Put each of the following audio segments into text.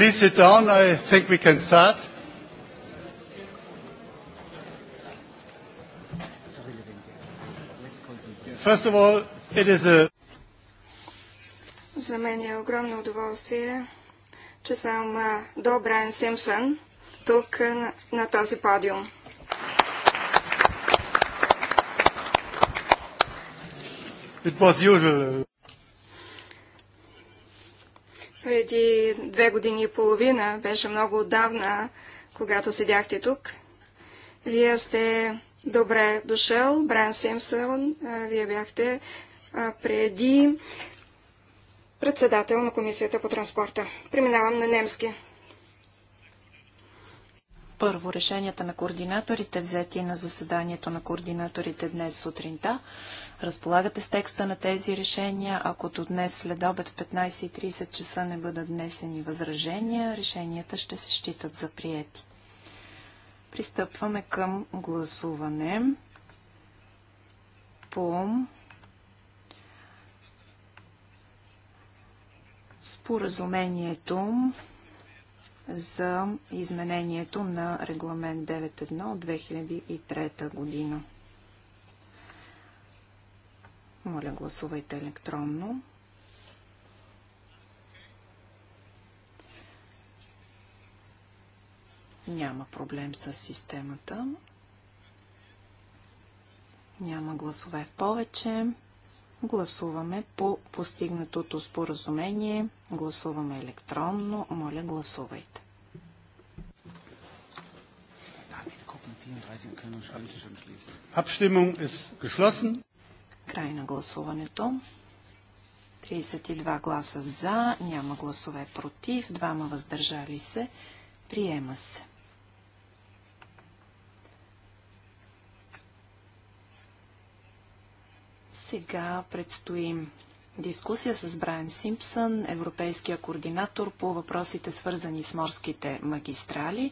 Please sit down. I think we can start. First of all, it is a... За мен е огромно удоволствие, че съм до Брайан Симпсън тук на, на този подиум. It was usual преди две години и половина, беше много отдавна, когато седяхте тук. Вие сте добре дошъл, Бран Симпсън, вие бяхте преди председател на Комисията по транспорта. Преминавам на немски. Първо, решенията на координаторите, взети на заседанието на координаторите днес сутринта, Разполагате с текста на тези решения. Ако до днес след обед в 15.30 часа не бъдат внесени възражения, решенията ще се считат за приети. Пристъпваме към гласуване по споразумението за изменението на регламент 9.1 от 2003 година. Моля, гласувайте електронно. Няма проблем с системата. Няма гласове в повече. Гласуваме по постигнатото споразумение. Гласуваме електронно. Моля, гласувайте. Абстимунг е geschlossen. Край на гласуването. 32 гласа за, няма гласове против, двама въздържали се. Приема се. Сега предстоим дискусия с Брайан Симпсън, европейския координатор по въпросите свързани с морските магистрали.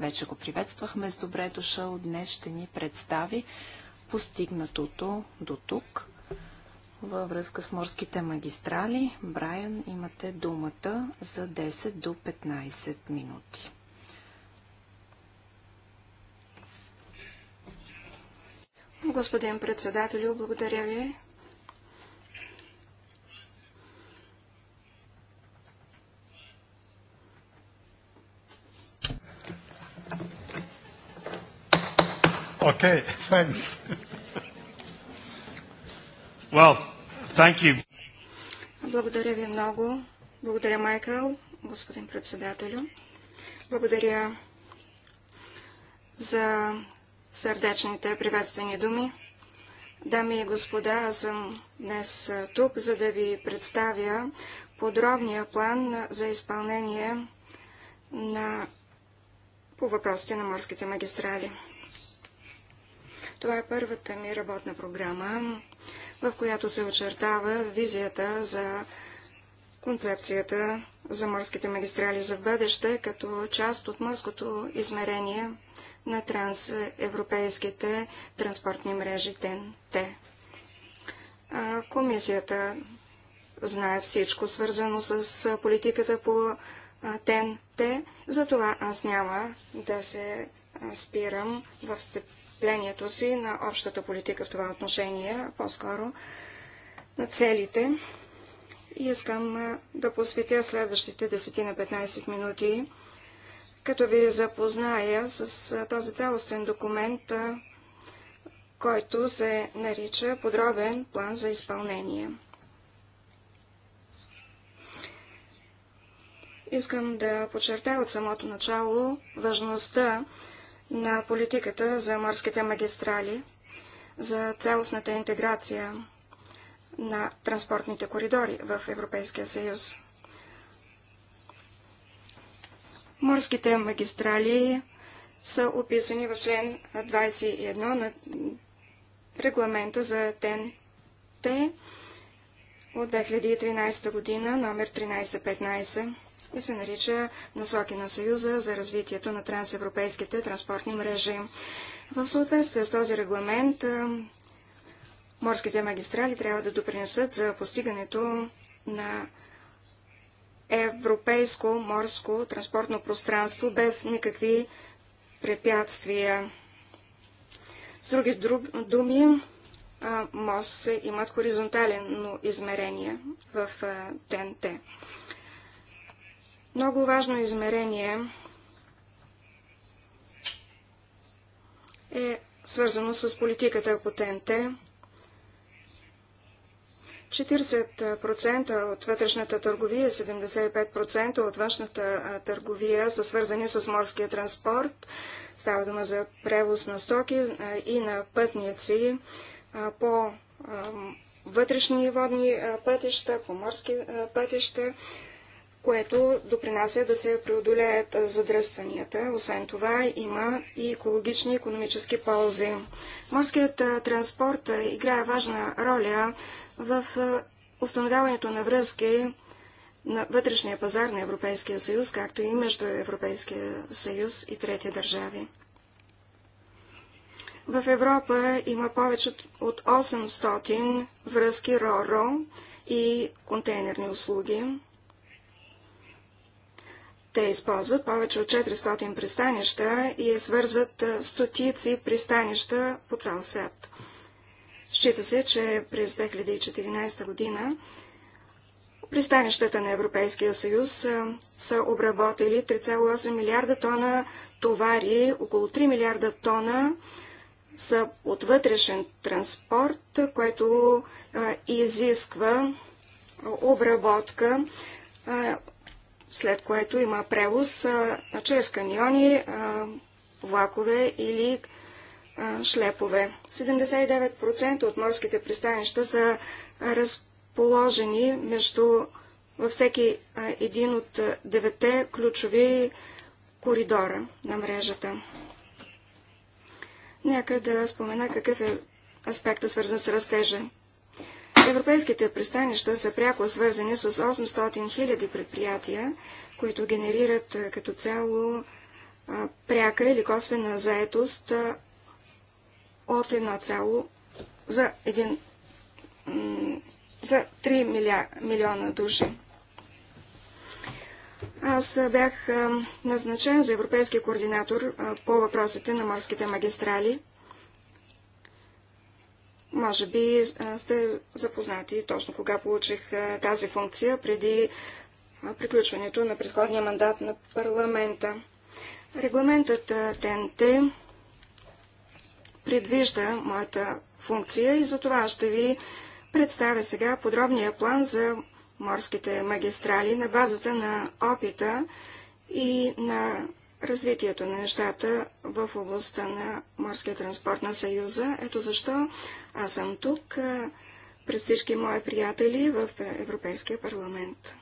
Вече го приветствахме с добре дошъл. Днес ще ни представи постигнатото до тук във връзка с морските магистрали. Брайан, имате думата за 10 до 15 минути. Господин председателю, благодаря ви. Okay, thanks. Well, thank you. Благодаря ви много. Благодаря, Майкъл, господин председателю. Благодаря за сърдечните приветствени думи. Дами и господа, аз съм днес тук, за да ви представя подробния план за изпълнение на по въпросите на морските магистрали. Това е първата ми работна програма, в която се очертава визията за концепцията за морските магистрали за бъдеще, като част от морското измерение на трансевропейските транспортни мрежи ТНТ. Комисията знае всичко, свързано с политиката по ТНТ, затова аз няма да се спирам в степен осъществлението си на общата политика в това отношение, по-скоро на целите. И искам да посветя следващите 10 на 15 минути, като ви запозная с този цялостен документ, който се нарича подробен план за изпълнение. Искам да подчертая от самото начало важността на политиката за морските магистрали, за цялостната интеграция на транспортните коридори в Европейския съюз. Морските магистрали са описани в член 21 на регламента за ТНТ от 2013 година, номер 1315 и се нарича Насоки на Съюза за развитието на трансевропейските транспортни мрежи. В съответствие с този регламент, морските магистрали трябва да допринесат за постигането на европейско морско транспортно пространство без никакви препятствия. С други думи, МОС имат хоризонтален измерение в ТНТ. Много важно измерение е свързано с политиката по ТНТ. 40% от вътрешната търговия 75% от външната търговия са свързани с морския транспорт. Става дума за превоз на стоки и на пътници по вътрешни водни пътища, по морски пътища което допринася да се преодолеят задръстванията. Освен това има и екологични и економически ползи. Морският транспорт играе важна роля в установяването на връзки на вътрешния пазар на Европейския съюз, както и между Европейския съюз и трети държави. В Европа има повече от 800 връзки РОРО и контейнерни услуги. Те използват повече от 400 пристанища и свързват стотици пристанища по цял свят. Счита се, че през 2014 година пристанищата на Европейския съюз са, обработили 3,8 милиарда тона товари, около 3 милиарда тона са от вътрешен транспорт, което а, изисква обработка а, след което има превоз а, чрез камиони, а, влакове или а, шлепове. 79% от морските пристанища са разположени между във всеки а, един от девете ключови коридора на мрежата. Нека да спомена какъв е аспектът свързан с растежа. Европейските пристанища са пряко свързани с 800 000 предприятия, които генерират е, като цяло е, пряка или косвена заетост е, от 1 цяло за, един, за 3 милиона, милиона души. Аз бях назначен за европейски координатор по въпросите на морските магистрали може би сте запознати точно кога получих тази функция, преди приключването на предходния мандат на парламента. Регламентът ТНТ предвижда моята функция и за това ще ви представя сега подробния план за морските магистрали на базата на опита и на развитието на нещата в областта на морския транспорт на Съюза. Ето защо аз съм тук пред всички мои приятели в Европейския парламент.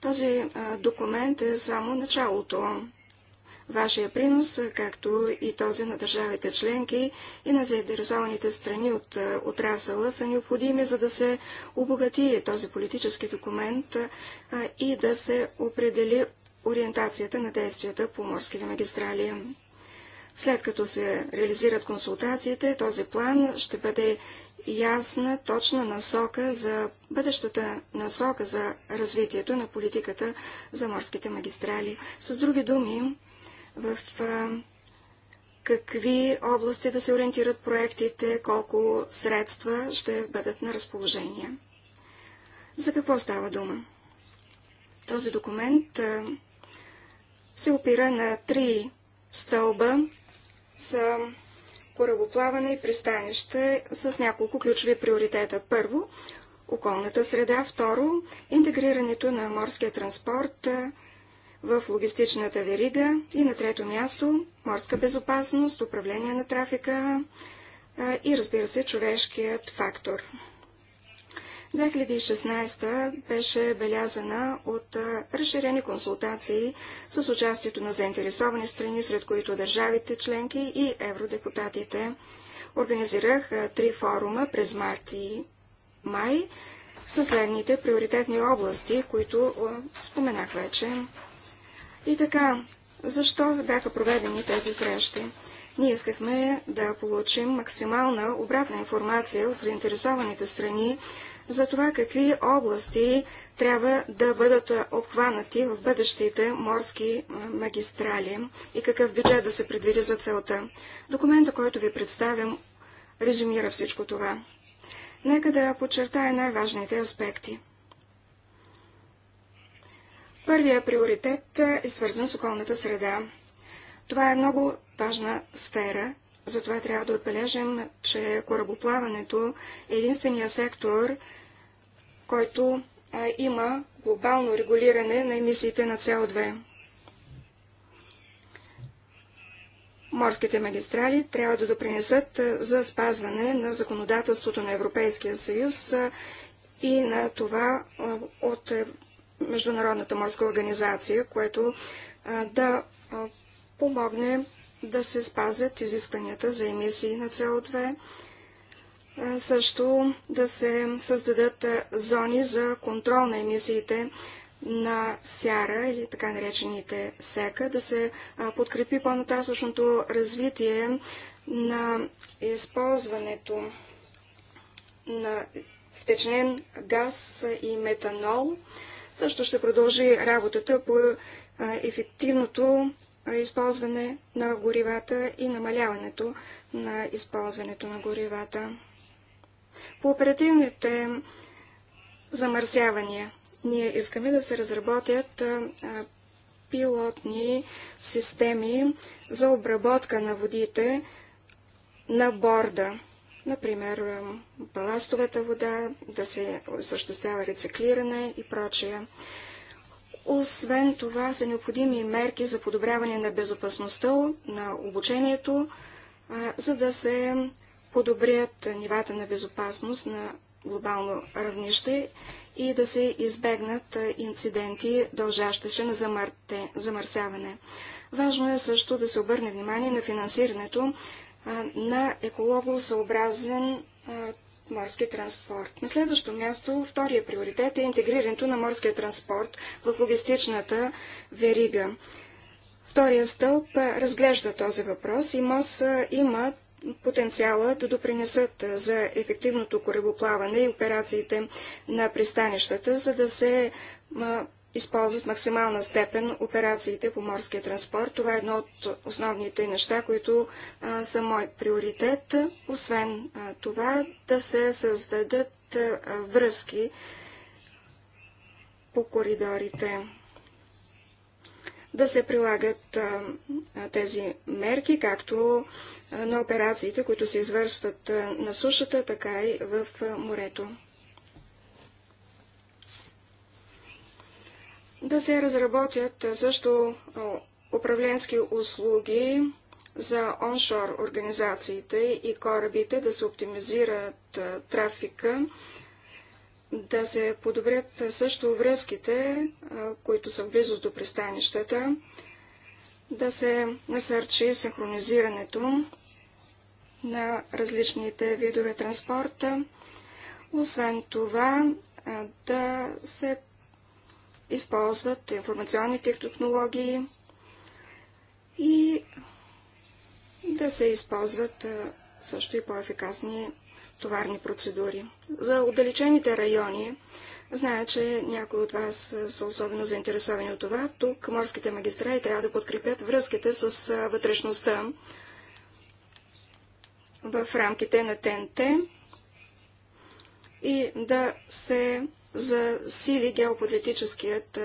Този документ е само началото. Вашия принос, както и този на държавите членки и на заинтересованите страни от отрасъла, са необходими, за да се обогати този политически документ и да се определи ориентацията на действията по морските магистрали. След като се реализират консултациите, този план ще бъде ясна, точна насока за бъдещата насока за развитието на политиката за морските магистрали. С други думи, в какви области да се ориентират проектите, колко средства ще бъдат на разположение. За какво става дума? Този документ се опира на три стълба са корабоплаване и пристанище с няколко ключови приоритета. Първо, околната среда. Второ, интегрирането на морския транспорт в логистичната верига. И на трето място, морска безопасност, управление на трафика и разбира се, човешкият фактор. 2016 беше белязана от разширени консултации с участието на заинтересовани страни, сред които държавите членки и евродепутатите. Организирах три форума през март и май с следните приоритетни области, които споменах вече. И така, защо бяха проведени тези срещи? Ние искахме да получим максимална обратна информация от заинтересованите страни за това какви области трябва да бъдат обхванати в бъдещите морски магистрали и какъв бюджет да се предвиди за целта. Документа, който ви представям, резюмира всичко това. Нека да подчертая най-важните аспекти. Първия приоритет е свързан с околната среда. Това е много важна сфера, затова трябва да отбележим, че корабоплаването е единствения сектор, който а, има глобално регулиране на емисиите на СО2. Морските магистрали трябва да допринесат за спазване на законодателството на Европейския съюз и на това от е, Международната морска организация, което да помогне да се спазят изискванията за емисии на CO2, също да се създадат зони за контрол на емисиите на сяра или така наречените сека, да се подкрепи по-нататъчното развитие на използването на втечнен газ и метанол. Също ще продължи работата по ефективното използване на горивата и намаляването на използването на горивата. По оперативните замърсявания ние искаме да се разработят пилотни системи за обработка на водите на борда. Например, баластовата вода, да се осъществява рециклиране и прочее. Освен това са необходими мерки за подобряване на безопасността, на обучението, за да се подобрят нивата на безопасност на глобално равнище и да се избегнат инциденти, дължащи се на замърте, замърсяване. Важно е също да се обърне внимание на финансирането на екологосъобразен морски транспорт. На следващо място, втория приоритет е интегрирането на морския транспорт в логистичната верига. Втория стълб разглежда този въпрос и МОС има потенциала да допринесат за ефективното корабоплаване и операциите на пристанищата, за да се използват максимална степен операциите по морския транспорт. Това е едно от основните неща, които а, са мой приоритет. Освен а, това, да се създадат а, връзки по коридорите. Да се прилагат а, тези мерки, както а, на операциите, които се извършват а, на сушата, така и в а, морето. Да се разработят също управленски услуги за оншор организациите и корабите, да се оптимизират трафика, да се подобрят също връзките, които са в близост до пристанищата, да се насърчи синхронизирането на различните видове транспорта, освен това да се използват информационните технологии и да се използват също и по-ефикасни товарни процедури. За отдалечените райони, зная, че някои от вас са особено заинтересовани от това, тук морските магистрали трябва да подкрепят връзките с вътрешността в рамките на ТНТ и да се засили геополитическият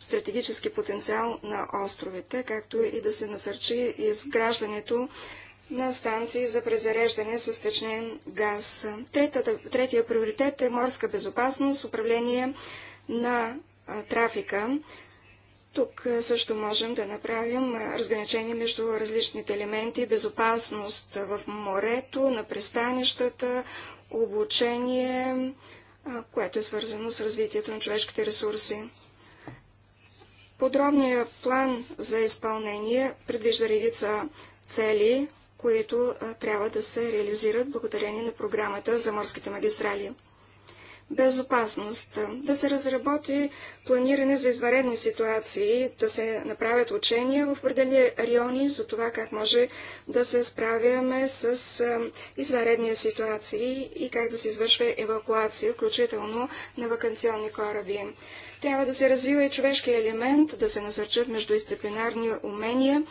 стратегически потенциал на островите, както и да се насърчи изграждането на станции за презареждане с течнен газ. Третата, третия приоритет е морска безопасност, управление на а, трафика. Тук а, също можем да направим а, разграничение между различните елементи безопасност в морето, на пристанищата, обучение, което е свързано с развитието на човешките ресурси. Подробният план за изпълнение предвижда редица цели, които трябва да се реализират благодарение на програмата за морските магистрали безопасност, да се разработи планиране за изваредни ситуации, да се направят учения в определени райони за това как може да се справяме с изваредни ситуации и как да се извършва евакуация, включително на вакансионни кораби. Трябва да се развива и човешки елемент, да се насърчат междудисциплинарни умения,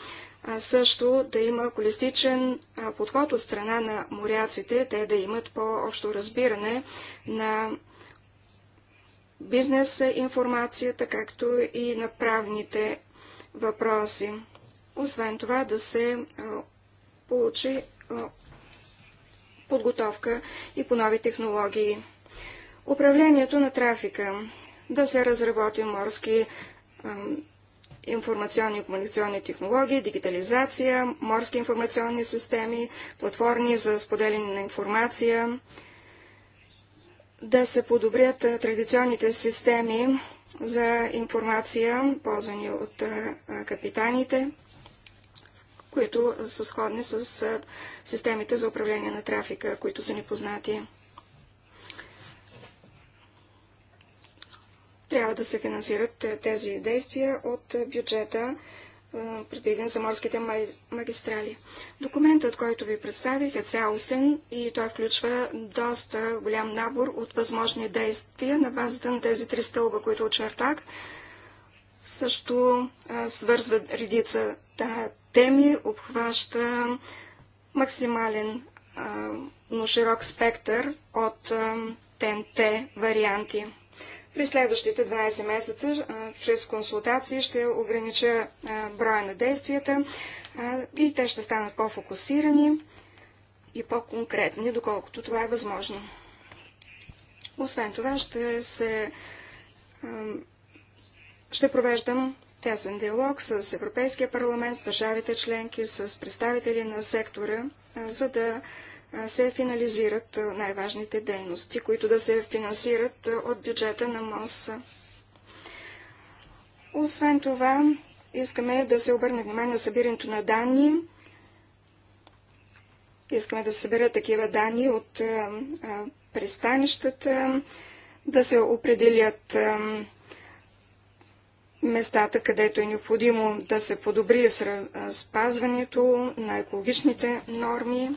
а също да има холистичен подход от страна на моряците, те да имат по-общо разбиране на бизнес информацията, както и на правните въпроси. Освен това да се получи подготовка и по нови технологии. Управлението на трафика. Да се разработи морски информационни и комуникационни технологии, дигитализация, морски информационни системи, платформи за споделяне на информация, да се подобрят традиционните системи за информация, ползвани от капитаните, които са сходни с системите за управление на трафика, които са непознати. трябва да се финансират е, тези действия от е, бюджета, е, предвиден за морските магистрали. Документът, който ви представих, е цялостен и той включва доста голям набор от възможни действия на базата на тези три стълба, които очертах. Също свързва редица да, теми, обхваща максимален но широк спектър от ТНТ варианти. При следващите 12 месеца, чрез консултации, ще огранича броя на действията и те ще станат по-фокусирани и по-конкретни, доколкото това е възможно. Освен това, ще се ще провеждам тесен диалог с Европейския парламент, с държавите членки, с представители на сектора, за да се финализират най-важните дейности, които да се финансират от бюджета на МОС. Освен това, искаме да се обърне внимание на събирането на данни. Искаме да се съберат такива данни от пристанищата, да се определят местата, където е необходимо да се подобри спазването на екологичните норми.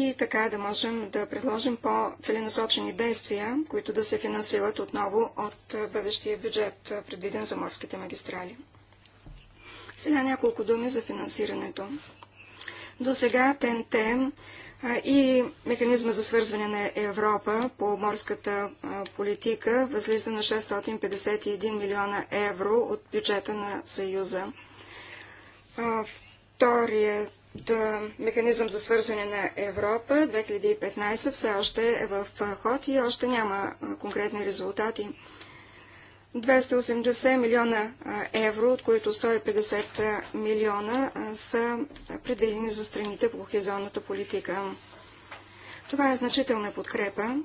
и така да можем да предложим по-целенасочени действия, които да се финансират отново от бъдещия бюджет, предвиден за морските магистрали. Сега няколко думи за финансирането. До сега ТНТ и механизма за свързване на Европа по морската политика възлиза на 651 милиона евро от бюджета на Съюза. Вторият е механизъм за свързване на Европа 2015 все още е в ход и още няма конкретни резултати. 280 милиона евро, от които 150 милиона са предвидени за страните по кохезионната политика. Това е значителна подкрепа,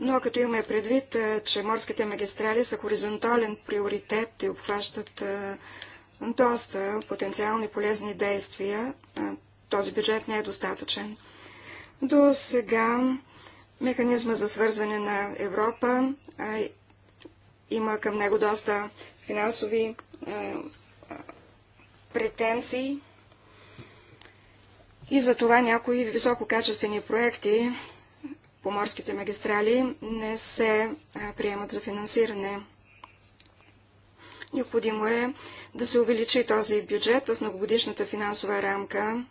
но като имаме предвид, че морските магистрали са хоризонтален приоритет и обхващат доста потенциални полезни действия. Този бюджет не е достатъчен. До сега механизма за свързване на Европа а, има към него доста финансови а, претенции и за това някои висококачествени проекти по морските магистрали не се а, приемат за финансиране. Необходимо е да се увеличи този бюджет в многогодишната финансова рамка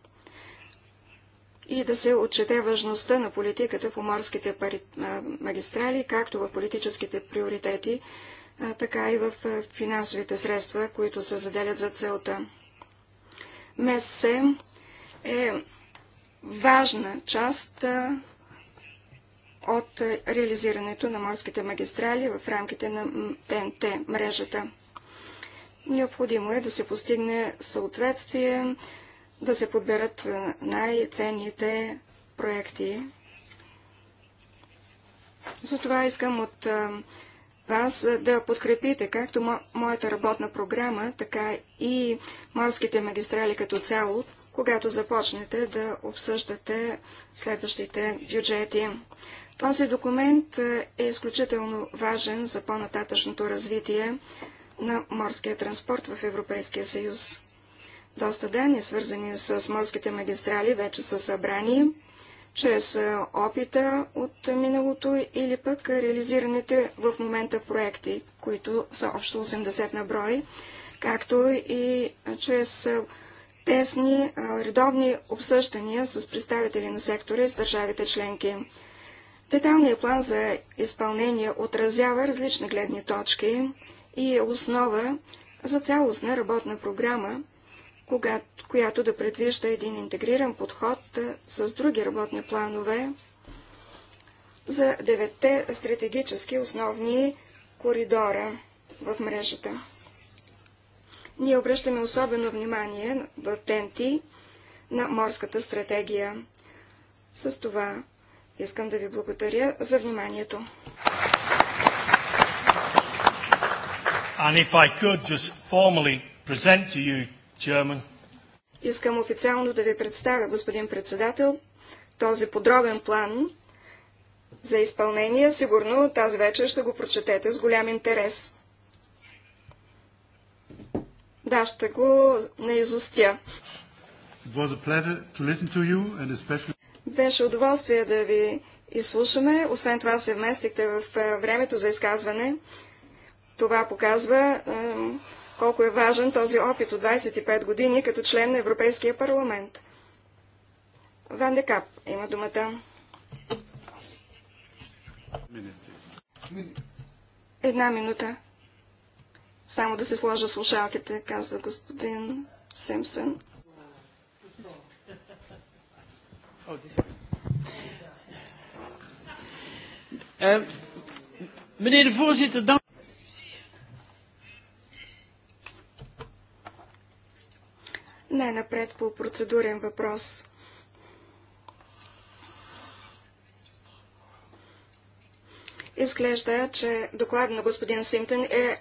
и да се отчете важността на политиката по морските пари... магистрали, както в политическите приоритети, така и в финансовите средства, които се заделят за целта. МСЕ е важна част от реализирането на морските магистрали в рамките на ТНТ мрежата. Необходимо е да се постигне съответствие, да се подберат е, най-ценните проекти. Затова искам от е, вас да подкрепите както мо моята работна програма, така и морските магистрали като цяло, когато започнете да обсъждате следващите бюджети. Този документ е, е изключително важен за по-нататъчното развитие на морския транспорт в Европейския съюз. Доста данни, свързани с морските магистрали, вече са събрани чрез е, опита от миналото или пък реализираните в момента проекти, които са общо 80 на брой, както и е, чрез е, тесни, редовни обсъждания с представители на сектора и с държавите членки. Деталният план за изпълнение отразява различни гледни точки и е основа за цялостна работна програма, която да предвижда един интегриран подход с други работни планове за девете стратегически основни коридора в мрежата. Ние обръщаме особено внимание в ТЕНТИ на морската стратегия. С това искам да ви благодаря за вниманието. And if I could just formally present to you, Chairman. Искам официално да ви представя, господин председател, този подробен план за изпълнение. Сигурно тази вечер ще го прочетете с голям интерес. Да, ще го наизустя. Беше удоволствие да ви изслушаме. Освен това се вместихте в е, времето за изказване. Това показва е, колко е важен този опит от 25 години като член на Европейския парламент. Ван Кап има думата. Една минута. Само да се сложа слушалките, казва господин Симпсън. Е, Meneer de voorzitter, dank Най-напред по процедурен въпрос. Изглежда, че доклад на господин Симптън е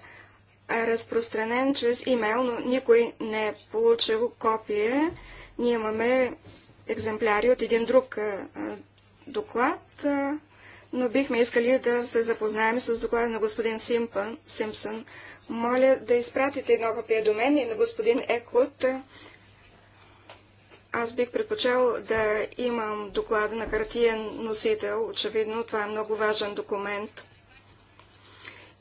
разпространен чрез имейл, но никой не е получил копие. Ние имаме екземпляри от един друг доклад, но бихме искали да се запознаем с доклада на господин Симпън, Симпсън. Моля да изпратите едно копие до мен и на господин Екот, аз бих предпочел да имам доклада на хартиен носител. Очевидно, това е много важен документ.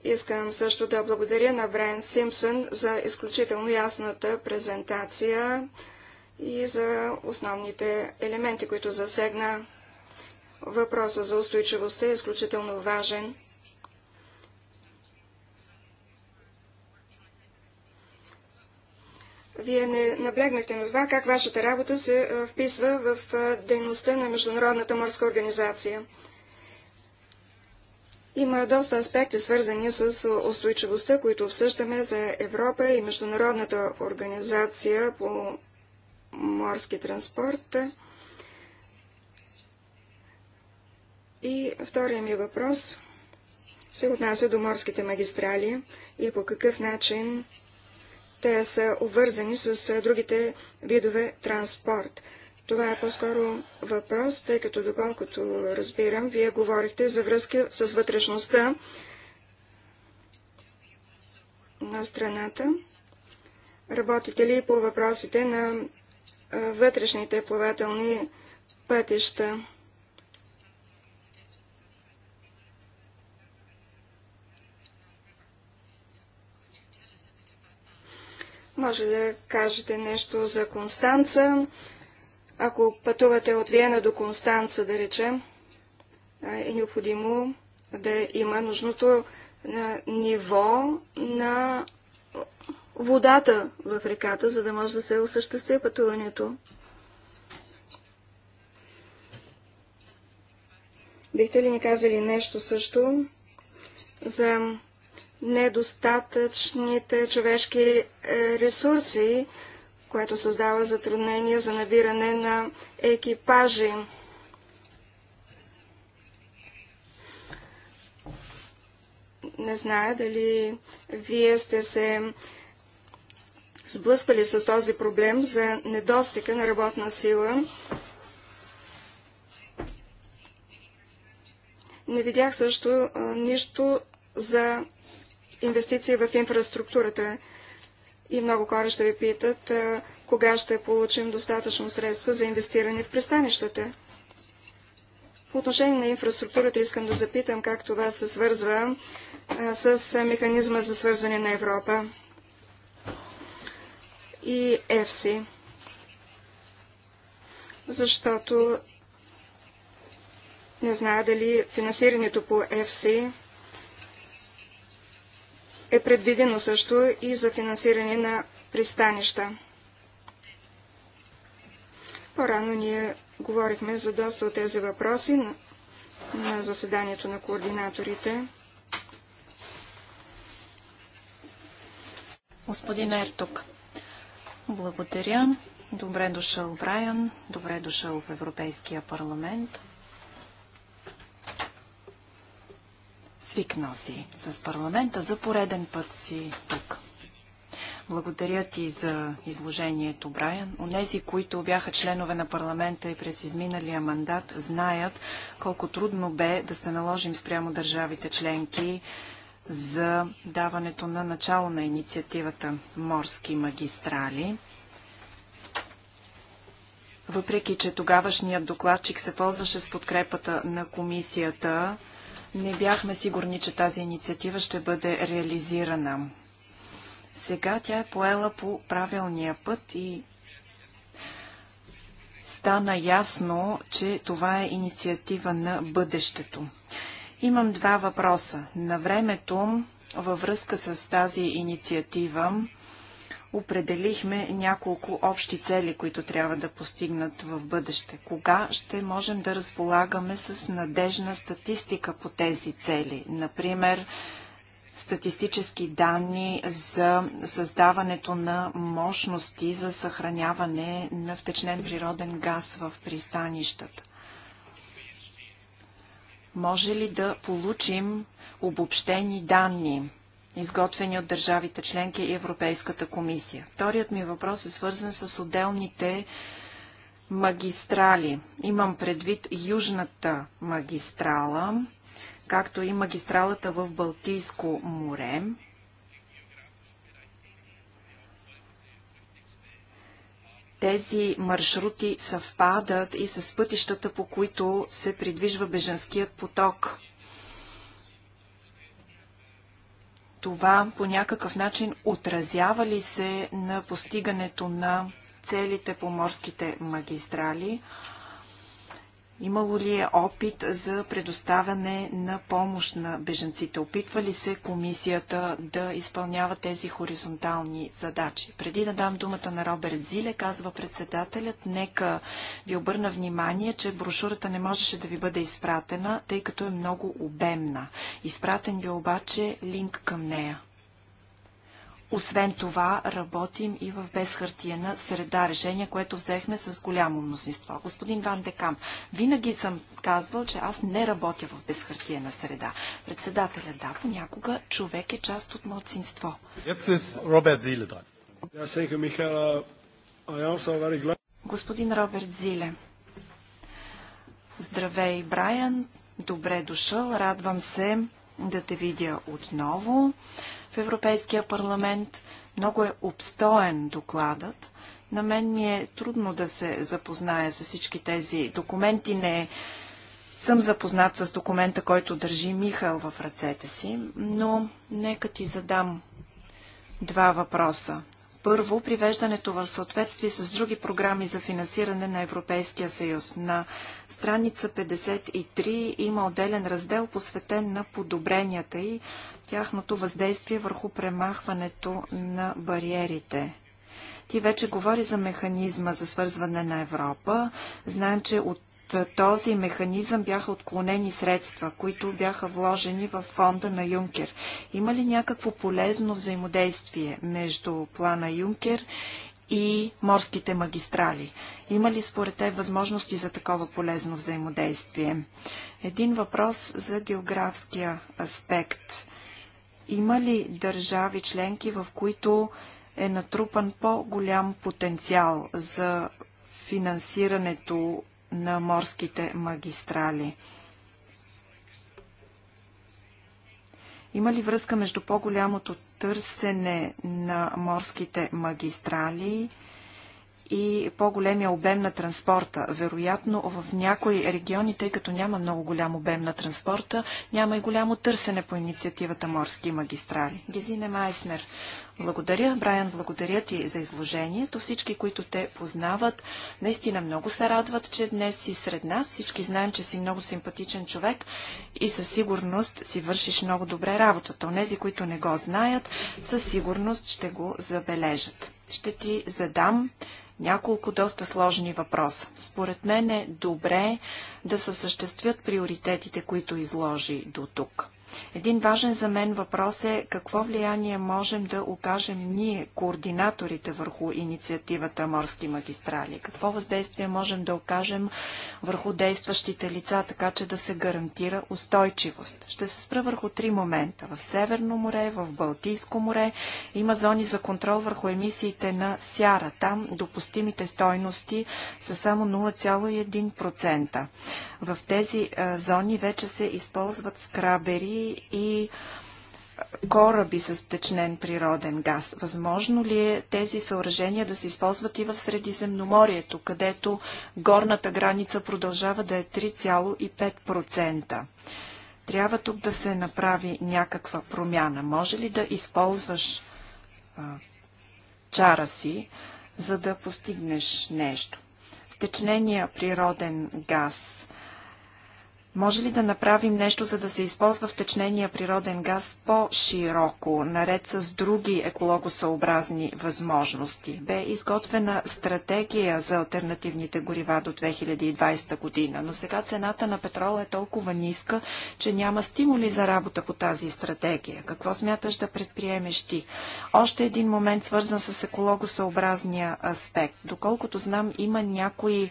Искам също да благодаря на Брен Симпсън за изключително ясната презентация и за основните елементи, които засегна. Въпросът за устойчивостта е изключително важен. Вие не наблегнахте на това, как вашата работа се вписва в дейността на Международната морска организация. Има доста аспекти, свързани с устойчивостта, които обсъждаме за Европа и Международната организация по морски транспорт. И втория ми въпрос се отнася до морските магистрали и по какъв начин те са обвързани с другите видове транспорт. Това е по-скоро въпрос, тъй като доколкото разбирам, вие говорихте за връзки с вътрешността на страната. Работите ли по въпросите на вътрешните плавателни пътища? Може да кажете нещо за Констанца, ако пътувате от Виена до Констанца, да речем, е необходимо да има нужното ниво на водата в реката, за да може да се осъществи пътуването. Бихте ли ни казали нещо също за недостатъчните човешки е, ресурси, което създава затруднения за набиране на екипажи. Не зная дали вие сте се сблъсквали с този проблем за недостига на работна сила. Не видях също а, нищо за инвестиции в инфраструктурата. И много хора ще ви питат кога ще получим достатъчно средства за инвестиране в пристанищата. По отношение на инфраструктурата искам да запитам как това се свързва с механизма за свързване на Европа и ЕФСИ. Защото не знае дали финансирането по ЕФСИ е предвидено също и за финансиране на пристанища. По-рано ние говорихме за доста от тези въпроси на, на заседанието на координаторите. Господин Ертук, благодаря. Добре дошъл, Брайан. Добре дошъл в Европейския парламент. Свикнал си с парламента, за пореден път си тук. Благодаря ти за изложението, Брайан. Онези, които бяха членове на парламента и през изминалия мандат, знаят колко трудно бе да се наложим спрямо държавите членки за даването на начало на инициативата Морски магистрали. Въпреки, че тогавашният докладчик се ползваше с подкрепата на комисията, не бяхме сигурни, че тази инициатива ще бъде реализирана. Сега тя е поела по правилния път и стана ясно, че това е инициатива на бъдещето. Имам два въпроса. На времето, във връзка с тази инициатива, определихме няколко общи цели, които трябва да постигнат в бъдеще. Кога ще можем да разполагаме с надежна статистика по тези цели? Например, статистически данни за създаването на мощности за съхраняване на втечнен природен газ в пристанищата. Може ли да получим обобщени данни? изготвени от държавите членки и Европейската комисия. Вторият ми въпрос е свързан с отделните магистрали. Имам предвид Южната магистрала, както и магистралата в Балтийско море. Тези маршрути съвпадат и с пътищата, по които се придвижва беженският поток. това по някакъв начин отразява ли се на постигането на целите по морските магистрали, Имало ли е опит за предоставяне на помощ на беженците? Опитва ли се комисията да изпълнява тези хоризонтални задачи? Преди да дам думата на Роберт Зиле, казва председателят, нека ви обърна внимание, че брошурата не можеше да ви бъде изпратена, тъй като е много обемна. Изпратен ви е обаче линк към нея. Освен това, работим и в безхартиена среда. Решение, което взехме с голямо мнозинство. Господин Ван Декам, винаги съм казвал, че аз не работя в безхартиена среда. Председателя, да, понякога човек е част от младсинство. Господин Роберт Зиле, здравей, Брайан, добре дошъл, радвам се да те видя отново в Европейския парламент. Много е обстоен докладът. На мен ми е трудно да се запозная с всички тези документи. Не съм запознат с документа, който държи Михал в ръцете си, но нека ти задам два въпроса. Първо, привеждането в съответствие с други програми за финансиране на Европейския съюз. На страница 53 има отделен раздел, посветен на подобренията и тяхното въздействие върху премахването на бариерите. Ти вече говори за механизма за свързване на Европа. Знаем, че от този механизъм бяха отклонени средства, които бяха вложени в фонда на Юнкер. Има ли някакво полезно взаимодействие между плана Юнкер и морските магистрали? Има ли според те възможности за такова полезно взаимодействие? Един въпрос за географския аспект. Има ли държави членки, в които е натрупан по-голям потенциал за финансирането на морските магистрали? Има ли връзка между по-голямото търсене на морските магистрали и по-големия обем на транспорта. Вероятно в някои региони, тъй като няма много голям обем на транспорта, няма и голямо търсене по инициативата Морски магистрали. Гезине Майснер, благодаря, Брайан, благодаря ти за изложението. Всички, които те познават, наистина много се радват, че днес си сред нас. Всички знаем, че си много симпатичен човек и със сигурност си вършиш много добре работата. Онези, които не го знаят, със сигурност ще го забележат. Ще ти задам няколко доста сложни въпроса. Според мен е добре да се съществят приоритетите, които изложи до тук. Един важен за мен въпрос е какво влияние можем да окажем ние, координаторите върху инициативата Морски магистрали? Какво въздействие можем да окажем върху действащите лица, така че да се гарантира устойчивост? Ще се спра върху три момента. В Северно море, в Балтийско море има зони за контрол върху емисиите на сяра. Там допустимите стойности са само 0,1%. В тези зони вече се използват скрабери и кораби с течнен природен газ. Възможно ли е тези съоръжения да се използват и в Средиземноморието, където горната граница продължава да е 3,5%? Трябва тук да се направи някаква промяна. Може ли да използваш а, чара си, за да постигнеш нещо? Втечнения природен газ – може ли да направим нещо, за да се използва в течнения природен газ по-широко, наред с други екологосъобразни възможности? Бе изготвена стратегия за альтернативните горива до 2020 година, но сега цената на петрола е толкова ниска, че няма стимули за работа по тази стратегия. Какво смяташ да предприемеш ти? Още един момент свързан с екологосъобразния аспект. Доколкото знам, има някои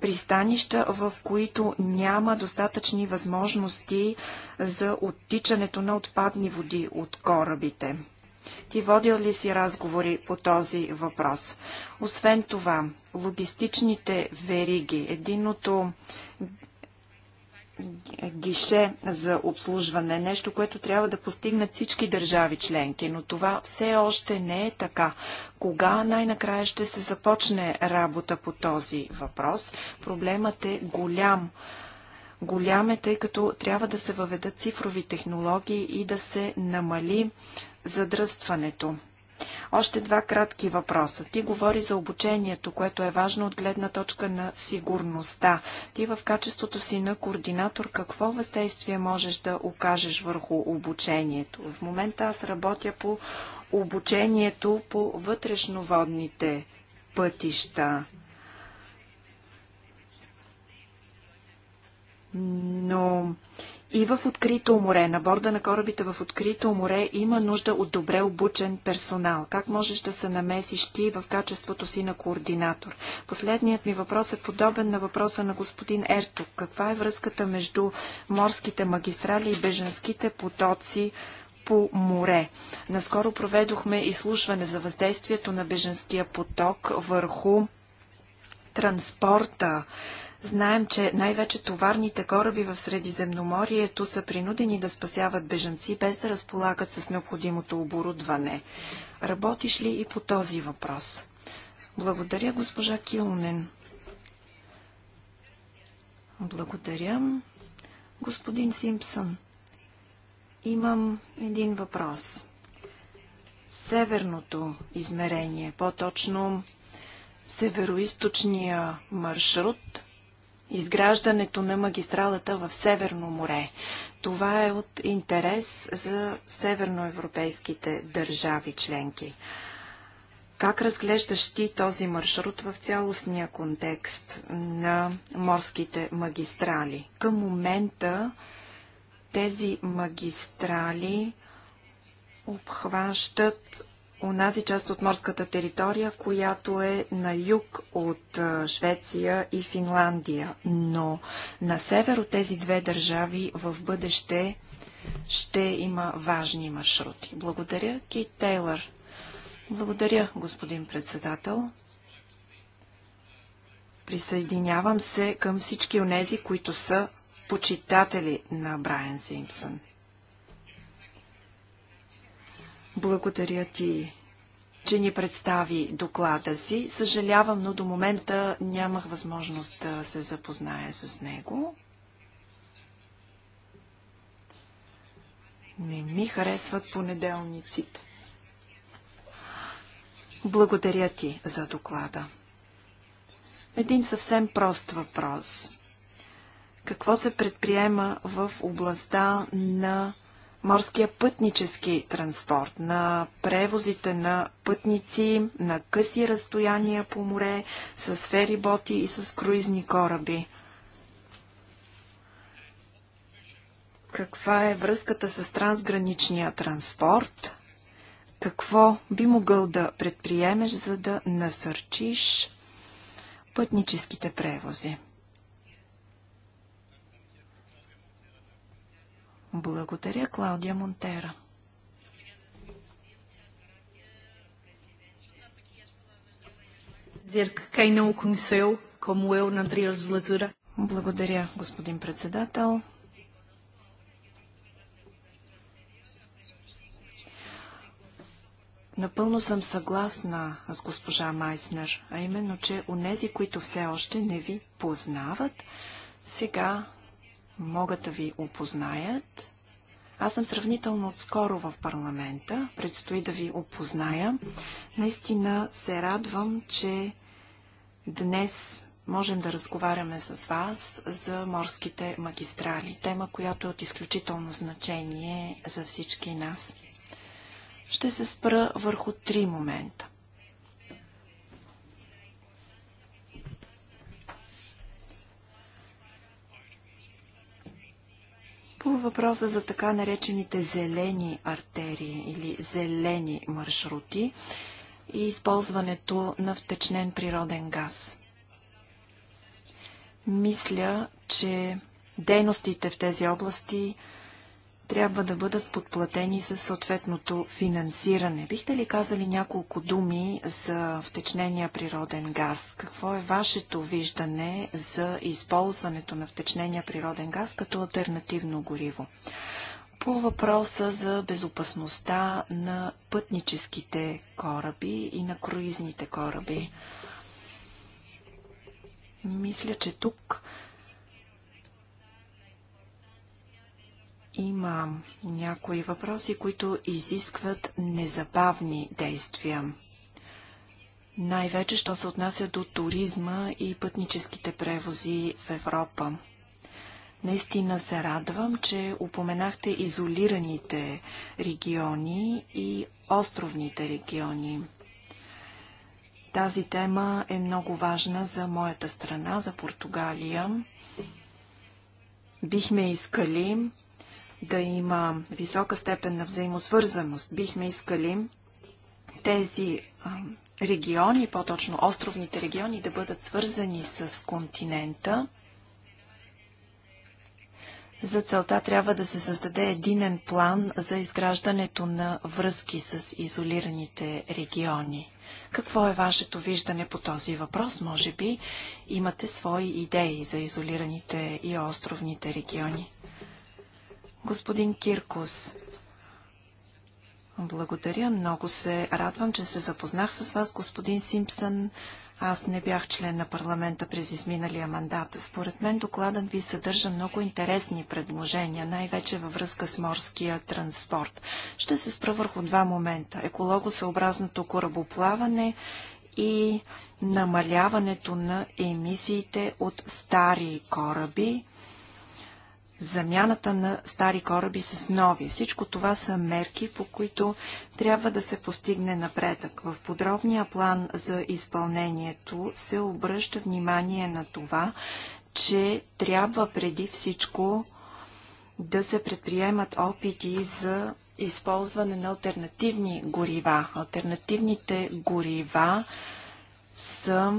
пристанища, в които няма достатъчни възможности за оттичането на отпадни води от корабите. Ти водил ли си разговори по този въпрос? Освен това, логистичните вериги, единото гише за обслужване, нещо, което трябва да постигнат всички държави членки, но това все още не е така. Кога най-накрая ще се започне работа по този въпрос? Проблемът е голям. Голям е, тъй като трябва да се въведат цифрови технологии и да се намали задръстването. Още два кратки въпроса. Ти говори за обучението, което е важно от гледна точка на сигурността. Ти в качеството си на координатор какво въздействие можеш да окажеш върху обучението? В момента аз работя по обучението по вътрешноводните пътища. Но и в открито море, на борда на корабите в открито море има нужда от добре обучен персонал. Как можеш да се намесиш ти в качеството си на координатор? Последният ми въпрос е подобен на въпроса на господин Ертук. Каква е връзката между морските магистрали и беженските потоци по море? Наскоро проведохме изслушване за въздействието на беженския поток върху транспорта Знаем, че най-вече товарните кораби в Средиземноморието са принудени да спасяват бежанци, без да разполагат с необходимото оборудване. Работиш ли и по този въпрос? Благодаря, госпожа Килнен. Благодаря. Господин Симпсън, имам един въпрос. Северното измерение, по-точно северо-источния маршрут изграждането на магистралата в Северно море. Това е от интерес за северноевропейските държави членки. Как разглеждаш ти този маршрут в цялостния контекст на морските магистрали? Към момента тези магистрали обхващат онази част от морската територия, която е на юг от Швеция и Финландия. Но на север от тези две държави в бъдеще ще има важни маршрути. Благодаря, Кит Тейлър. Благодаря, господин председател. Присъединявам се към всички онези, които са почитатели на Брайан Симпсън. Благодаря ти, че ни представи доклада си. Съжалявам, но до момента нямах възможност да се запозная с него. Не ми харесват понеделниците. Благодаря ти за доклада. Един съвсем прост въпрос. Какво се предприема в областта на морския пътнически транспорт, на превозите на пътници, на къси разстояния по море, с фериботи и с круизни кораби. Каква е връзката с трансграничния транспорт? Какво би могъл да предприемеш, за да насърчиш пътническите превози? Благодаря, Клаудия Монтера. Благодаря, господин председател. Напълно съм съгласна с госпожа Майснер, а именно, че нези, които все още не ви познават, сега могат да ви опознаят. Аз съм сравнително отскоро в парламента, предстои да ви опозная. Наистина се радвам, че днес можем да разговаряме с вас за морските магистрали, тема, която е от изключително значение за всички нас. Ще се спра върху три момента. По въпроса за така наречените зелени артерии или зелени маршрути и използването на втечнен природен газ. Мисля, че дейностите в тези области – трябва да бъдат подплатени със съответното финансиране. Бихте ли казали няколко думи за втечнения природен газ? Какво е вашето виждане за използването на втечнения природен газ като альтернативно гориво? По въпроса за безопасността на пътническите кораби и на круизните кораби. Мисля, че тук Има някои въпроси, които изискват незабавни действия. Най-вече, що се отнася до туризма и пътническите превози в Европа. Наистина се радвам, че упоменахте изолираните региони и островните региони. Тази тема е много важна за моята страна, за Португалия. Бихме искали да има висока степен на взаимосвързаност. Бихме искали тези региони, по-точно островните региони, да бъдат свързани с континента. За целта трябва да се създаде единен план за изграждането на връзки с изолираните региони. Какво е вашето виждане по този въпрос? Може би имате свои идеи за изолираните и островните региони. Господин Киркус, благодаря. Много се радвам, че се запознах с вас, господин Симпсън. Аз не бях член на парламента през изминалия мандат. Според мен докладът ви съдържа много интересни предложения, най-вече във връзка с морския транспорт. Ще се спра върху два момента. Екологосъобразното корабоплаване и намаляването на емисиите от стари кораби – замяната на стари кораби с нови. Всичко това са мерки, по които трябва да се постигне напредък. В подробния план за изпълнението се обръща внимание на това, че трябва преди всичко да се предприемат опити за използване на альтернативни горива. Альтернативните горива са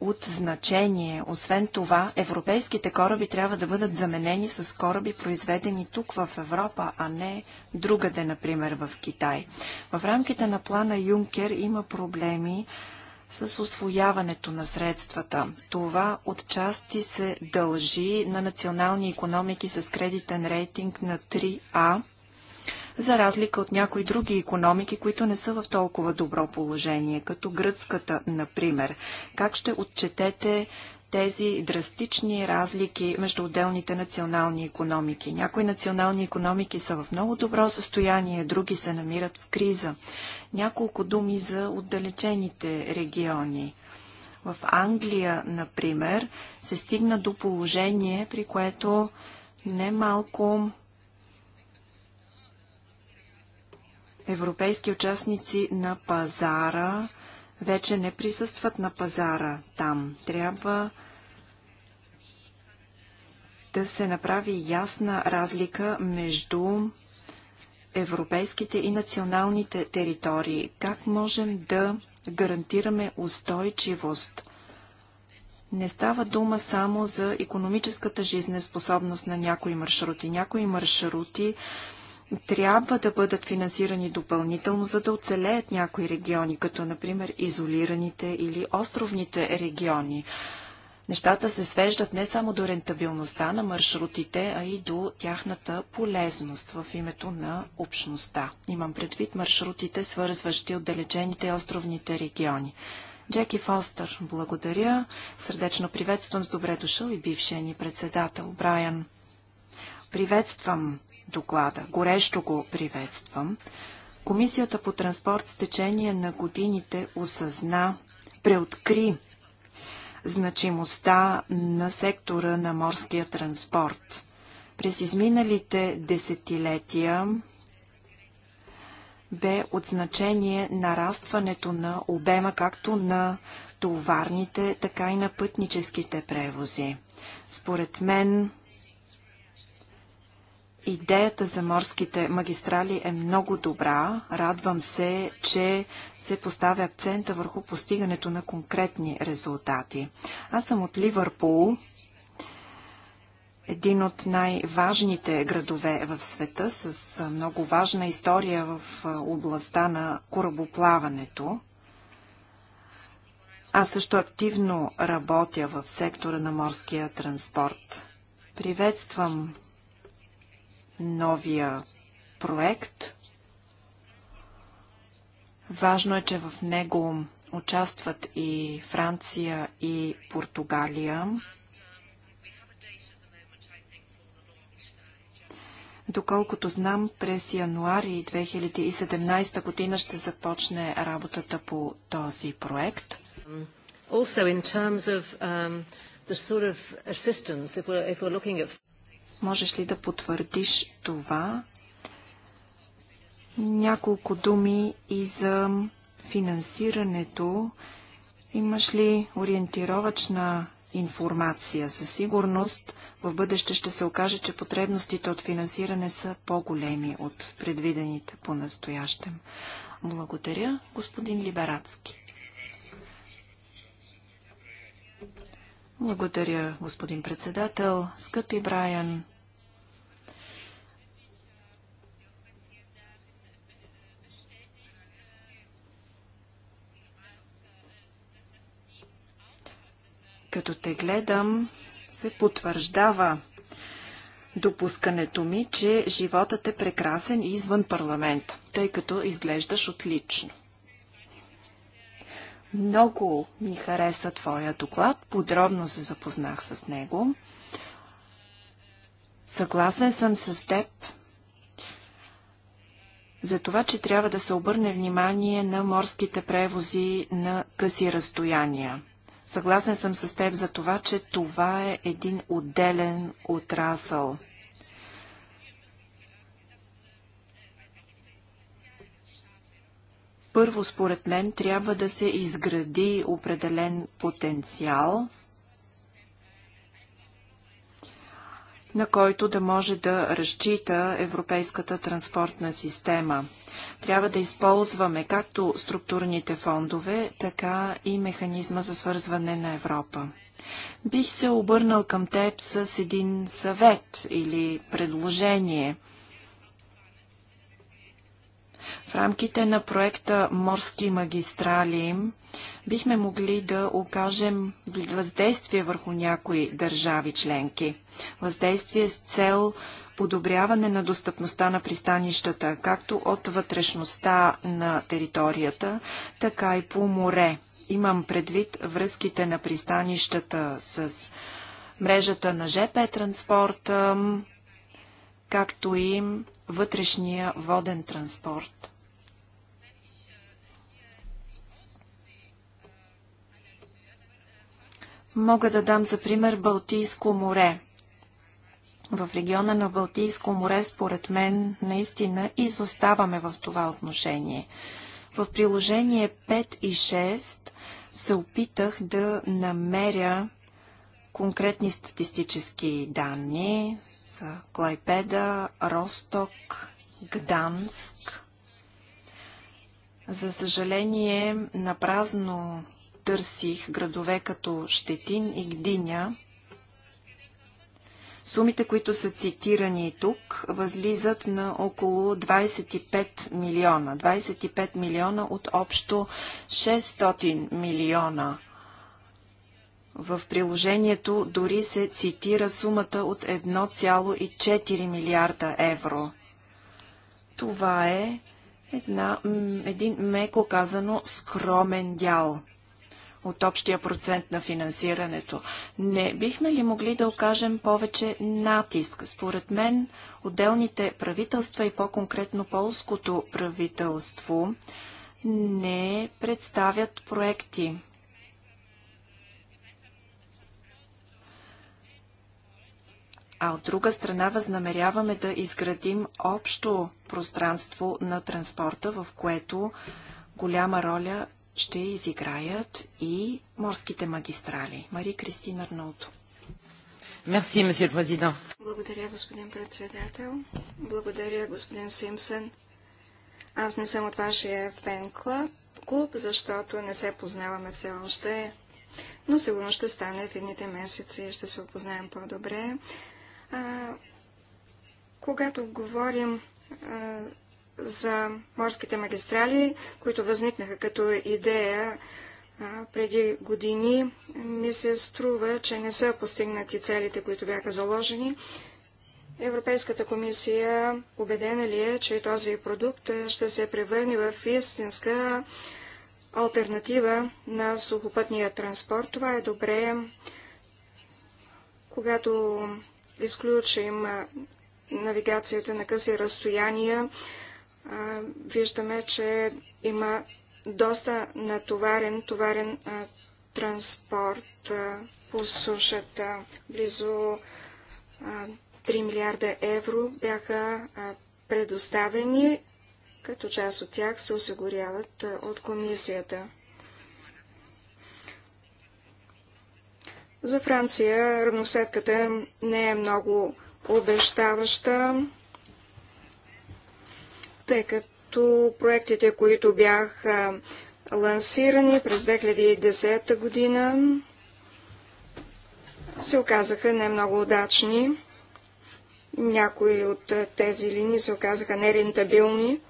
от значение. Освен това, европейските кораби трябва да бъдат заменени с кораби, произведени тук в Европа, а не другаде, например в Китай. В рамките на плана Юнкер има проблеми с освояването на средствата. Това отчасти се дължи на национални економики с кредитен рейтинг на 3А, за разлика от някои други економики, които не са в толкова добро положение, като гръцката, например. Как ще отчетете тези драстични разлики между отделните национални економики. Някои национални економики са в много добро състояние, други се намират в криза. Няколко думи за отдалечените региони. В Англия, например, се стигна до положение, при което немалко европейски участници на пазара вече не присъстват на пазара там. Трябва да се направи ясна разлика между европейските и националните територии. Как можем да гарантираме устойчивост? Не става дума само за економическата жизнеспособност на някои маршрути. Някои маршрути трябва да бъдат финансирани допълнително, за да оцелеят някои региони, като например изолираните или островните региони. Нещата се свеждат не само до рентабилността на маршрутите, а и до тяхната полезност в името на общността. Имам предвид маршрутите, свързващи отдалечените островните региони. Джеки Фостър, благодаря. Сърдечно приветствам с добре дошъл и бившия ни председател Брайан. Приветствам доклада. Горещо го приветствам. Комисията по транспорт с течение на годините осъзна, преоткри значимостта на сектора на морския транспорт. През изминалите десетилетия бе от значение нарастването на обема както на товарните, така и на пътническите превози. Според мен Идеята за морските магистрали е много добра. Радвам се, че се поставя акцента върху постигането на конкретни резултати. Аз съм от Ливърпул, един от най-важните градове в света, с много важна история в областта на корабоплаването. Аз също активно работя в сектора на морския транспорт. Приветствам новия проект. Важно е, че в него участват и Франция и Португалия. Доколкото знам, през януари 2017 година ще започне работата по този проект. Also in terms of um, the sort of assistance, if we're, if we're looking at Можеш ли да потвърдиш това? Няколко думи и за финансирането. Имаш ли ориентировачна информация? Със сигурност в бъдеще ще се окаже, че потребностите от финансиране са по-големи от предвидените по-настоящем. Благодаря, господин Либерацки. Благодаря, господин председател. Скъпи Брайан, като те гледам, се потвърждава допускането ми, че животът е прекрасен извън парламента, тъй като изглеждаш отлично. Много ми хареса твоя доклад, подробно се запознах с него. Съгласен съм с теб за това, че трябва да се обърне внимание на морските превози на къси разстояния. Съгласен съм с теб за това, че това е един отделен отрасъл. Първо, според мен, трябва да се изгради определен потенциал, на който да може да разчита европейската транспортна система. Трябва да използваме както структурните фондове, така и механизма за свързване на Европа. Бих се обърнал към теб с един съвет или предложение – в рамките на проекта Морски магистрали бихме могли да окажем въздействие върху някои държави членки. Въздействие с цел подобряване на достъпността на пристанищата, както от вътрешността на територията, така и по море. Имам предвид връзките на пристанищата с мрежата на ЖП транспорта, както и вътрешния воден транспорт. Мога да дам за пример Балтийско море. В региона на Балтийско море, според мен, наистина изоставаме в това отношение. В приложение 5 и 6 се опитах да намеря конкретни статистически данни са Клайпеда, Росток, Гданск. За съжаление, напразно търсих градове като Щетин и Гдиня. Сумите, които са цитирани тук, възлизат на около 25 милиона. 25 милиона от общо 600 милиона в приложението дори се цитира сумата от 1,4 милиарда евро. Това е една, един меко казано скромен дял от общия процент на финансирането. Не бихме ли могли да окажем повече натиск? Според мен, отделните правителства и по-конкретно полското правителство не представят проекти. а от друга страна възнамеряваме да изградим общо пространство на транспорта, в което голяма роля ще изиграят и морските магистрали. Мари Кристина Арнолто. Мерси, месье президент. Благодаря, господин председател. Благодаря, господин Симпсън. Аз не съм от вашия фен клуб, клуб, защото не се познаваме все още, но сигурно ще стане в едните месеци и ще се опознаем по-добре. А когато говорим за морските магистрали, които възникнаха като идея преди години, ми се струва, че не са постигнати целите, които бяха заложени. Европейската комисия убедена ли е, че този продукт ще се превърне в истинска альтернатива на сухопътния транспорт? Това е добре, когато изключим навигацията на къси разстояния, виждаме, че има доста натоварен товарен транспорт по сушата. Близо 3 милиарда евро бяха предоставени, като част от тях се осигуряват от комисията. За Франция равносетката не е много обещаваща, тъй като проектите, които бяха лансирани през 2010 година, се оказаха не много удачни. Някои от тези линии се оказаха нерентабилни.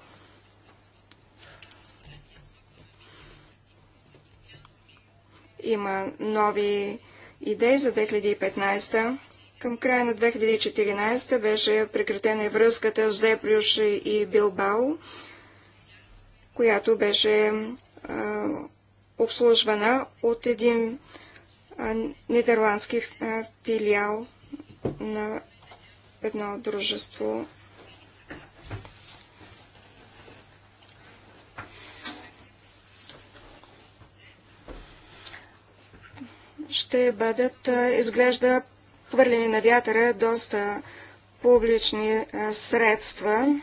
Има нови идеи за 2015. Към края на 2014 беше прекратена връзката с Зепрюш и Билбао, която беше а, обслужвана от един а, нидерландски а, филиал на едно дружество ще бъдат, изглежда, хвърлени на вятъра доста публични средства.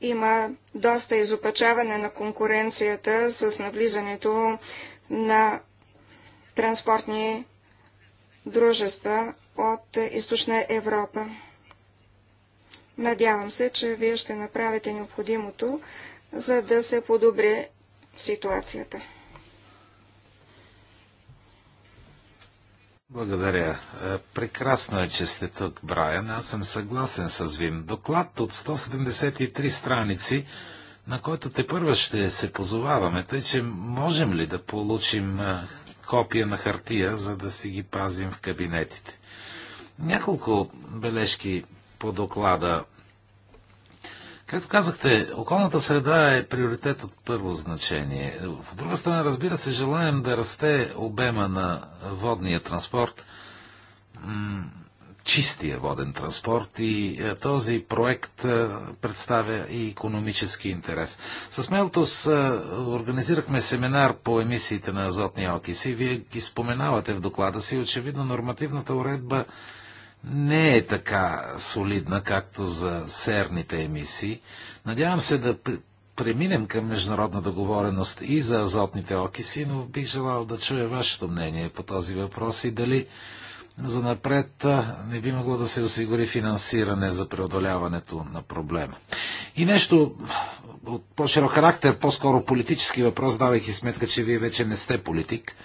Има доста изопачаване на конкуренцията с навлизането на транспортни дружества от източна Европа. Надявам се, че вие ще направите необходимото, за да се подобри ситуацията. Благодаря. Е, прекрасно е, че сте тук, Брайан. Аз съм съгласен с Вим. Доклад от 173 страници, на който те първа ще се позоваваме, тъй че можем ли да получим е, копия на хартия, за да си ги пазим в кабинетите. Няколко бележки по доклада. Както казахте, околната среда е приоритет от първо значение. В друга страна, разбира се, желаем да расте обема на водния транспорт, чистия воден транспорт и е, този проект е, представя и економически интерес. С Мелтос е, организирахме семинар по емисиите на азотни окиси, и вие ги споменавате в доклада си. Очевидно нормативната уредба не е така солидна, както за серните емисии. Надявам се да преминем към международна договореност и за азотните окиси, но бих желал да чуя вашето мнение по този въпрос и дали за напред не би могло да се осигури финансиране за преодоляването на проблема. И нещо от по-широк характер, по-скоро политически въпрос, давайки сметка, че вие вече не сте политик –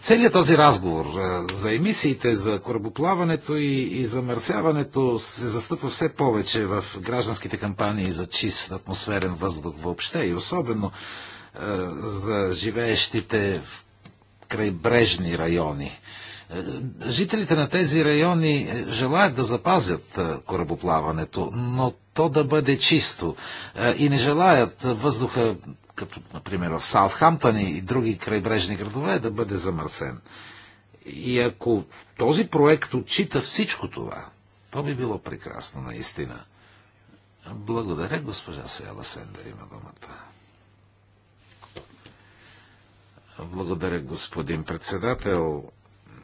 Целият този разговор за емисиите, за корабоплаването и, и замърсяването се застъпва все повече в гражданските кампании за чист атмосферен въздух въобще и особено е, за живеещите в крайбрежни райони. Жителите на тези райони е, желаят да запазят корабоплаването, но то да бъде чисто и не желаят въздуха като например в Саутхамптън и други крайбрежни градове, да бъде замърсен. И ако този проект отчита всичко това, то би било прекрасно, наистина. Благодаря, госпожа Сеяла Сендер има думата. Благодаря, господин председател.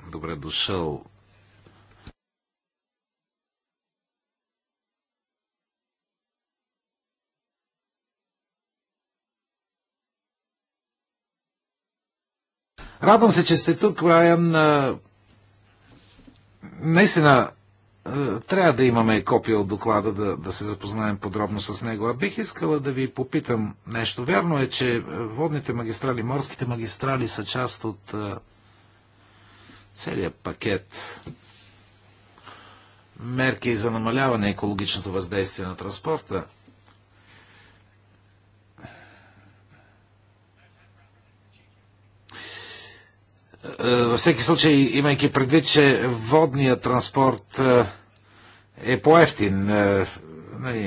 Добре дошъл Радвам се, че сте тук, Райан. Наистина, трябва да имаме копия от доклада, да, да се запознаем подробно с него. А бих искала да ви попитам нещо. Вярно е, че водните магистрали, морските магистрали са част от целият пакет мерки за намаляване екологичното въздействие на транспорта – Е, във всеки случай, имайки предвид, че водният транспорт е, е по-ефтин. Е,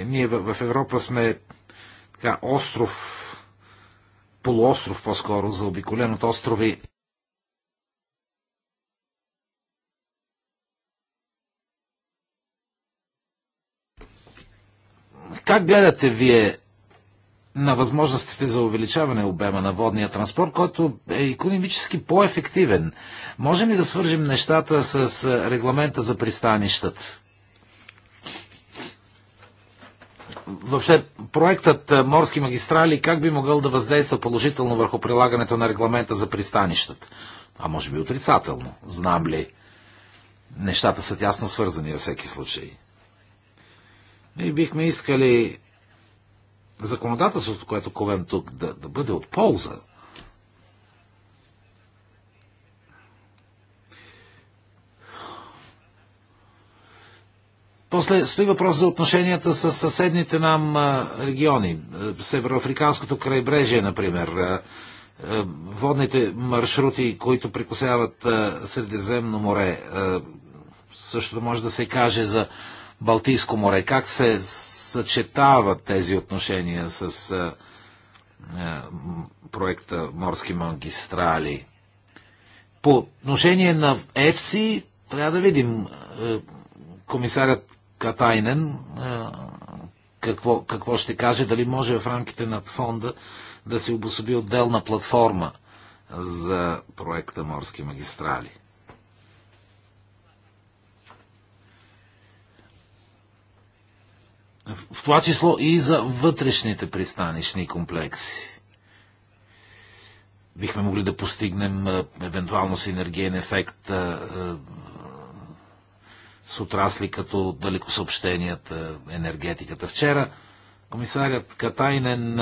ние в Европа сме така, остров, полуостров по-скоро, заобиколен от острови. Как гледате вие на възможностите за увеличаване обема на водния транспорт, който е економически по-ефективен. Можем ли да свържим нещата с регламента за пристанищата? Въобще, проектът Морски магистрали как би могъл да въздейства положително върху прилагането на регламента за пристанищата? А може би отрицателно, знам ли. Нещата са тясно свързани във всеки случай. И бихме искали законодателството, което ковем тук, да, да бъде от полза. После стои въпрос за отношенията с съседните нам региони. Е, Североафриканското крайбрежие, например. Е, е, водните маршрути, които прикосяват Средиземно море. Същото може да се каже за Балтийско море. Как се съчетават тези отношения с а, е, а, е, проекта Морски магистрали. По отношение на ЕФСИ, трябва да видим а, е, комисарят Катайнен а, какво, какво ще каже, дали може в рамките на фонда да се обособи отделна платформа за проекта Морски магистрали. в това число и за вътрешните пристанищни комплекси. Бихме могли да постигнем евентуално синергиен ефект с отрасли като далекосъобщенията, енергетиката. Вчера комисарят Катайнен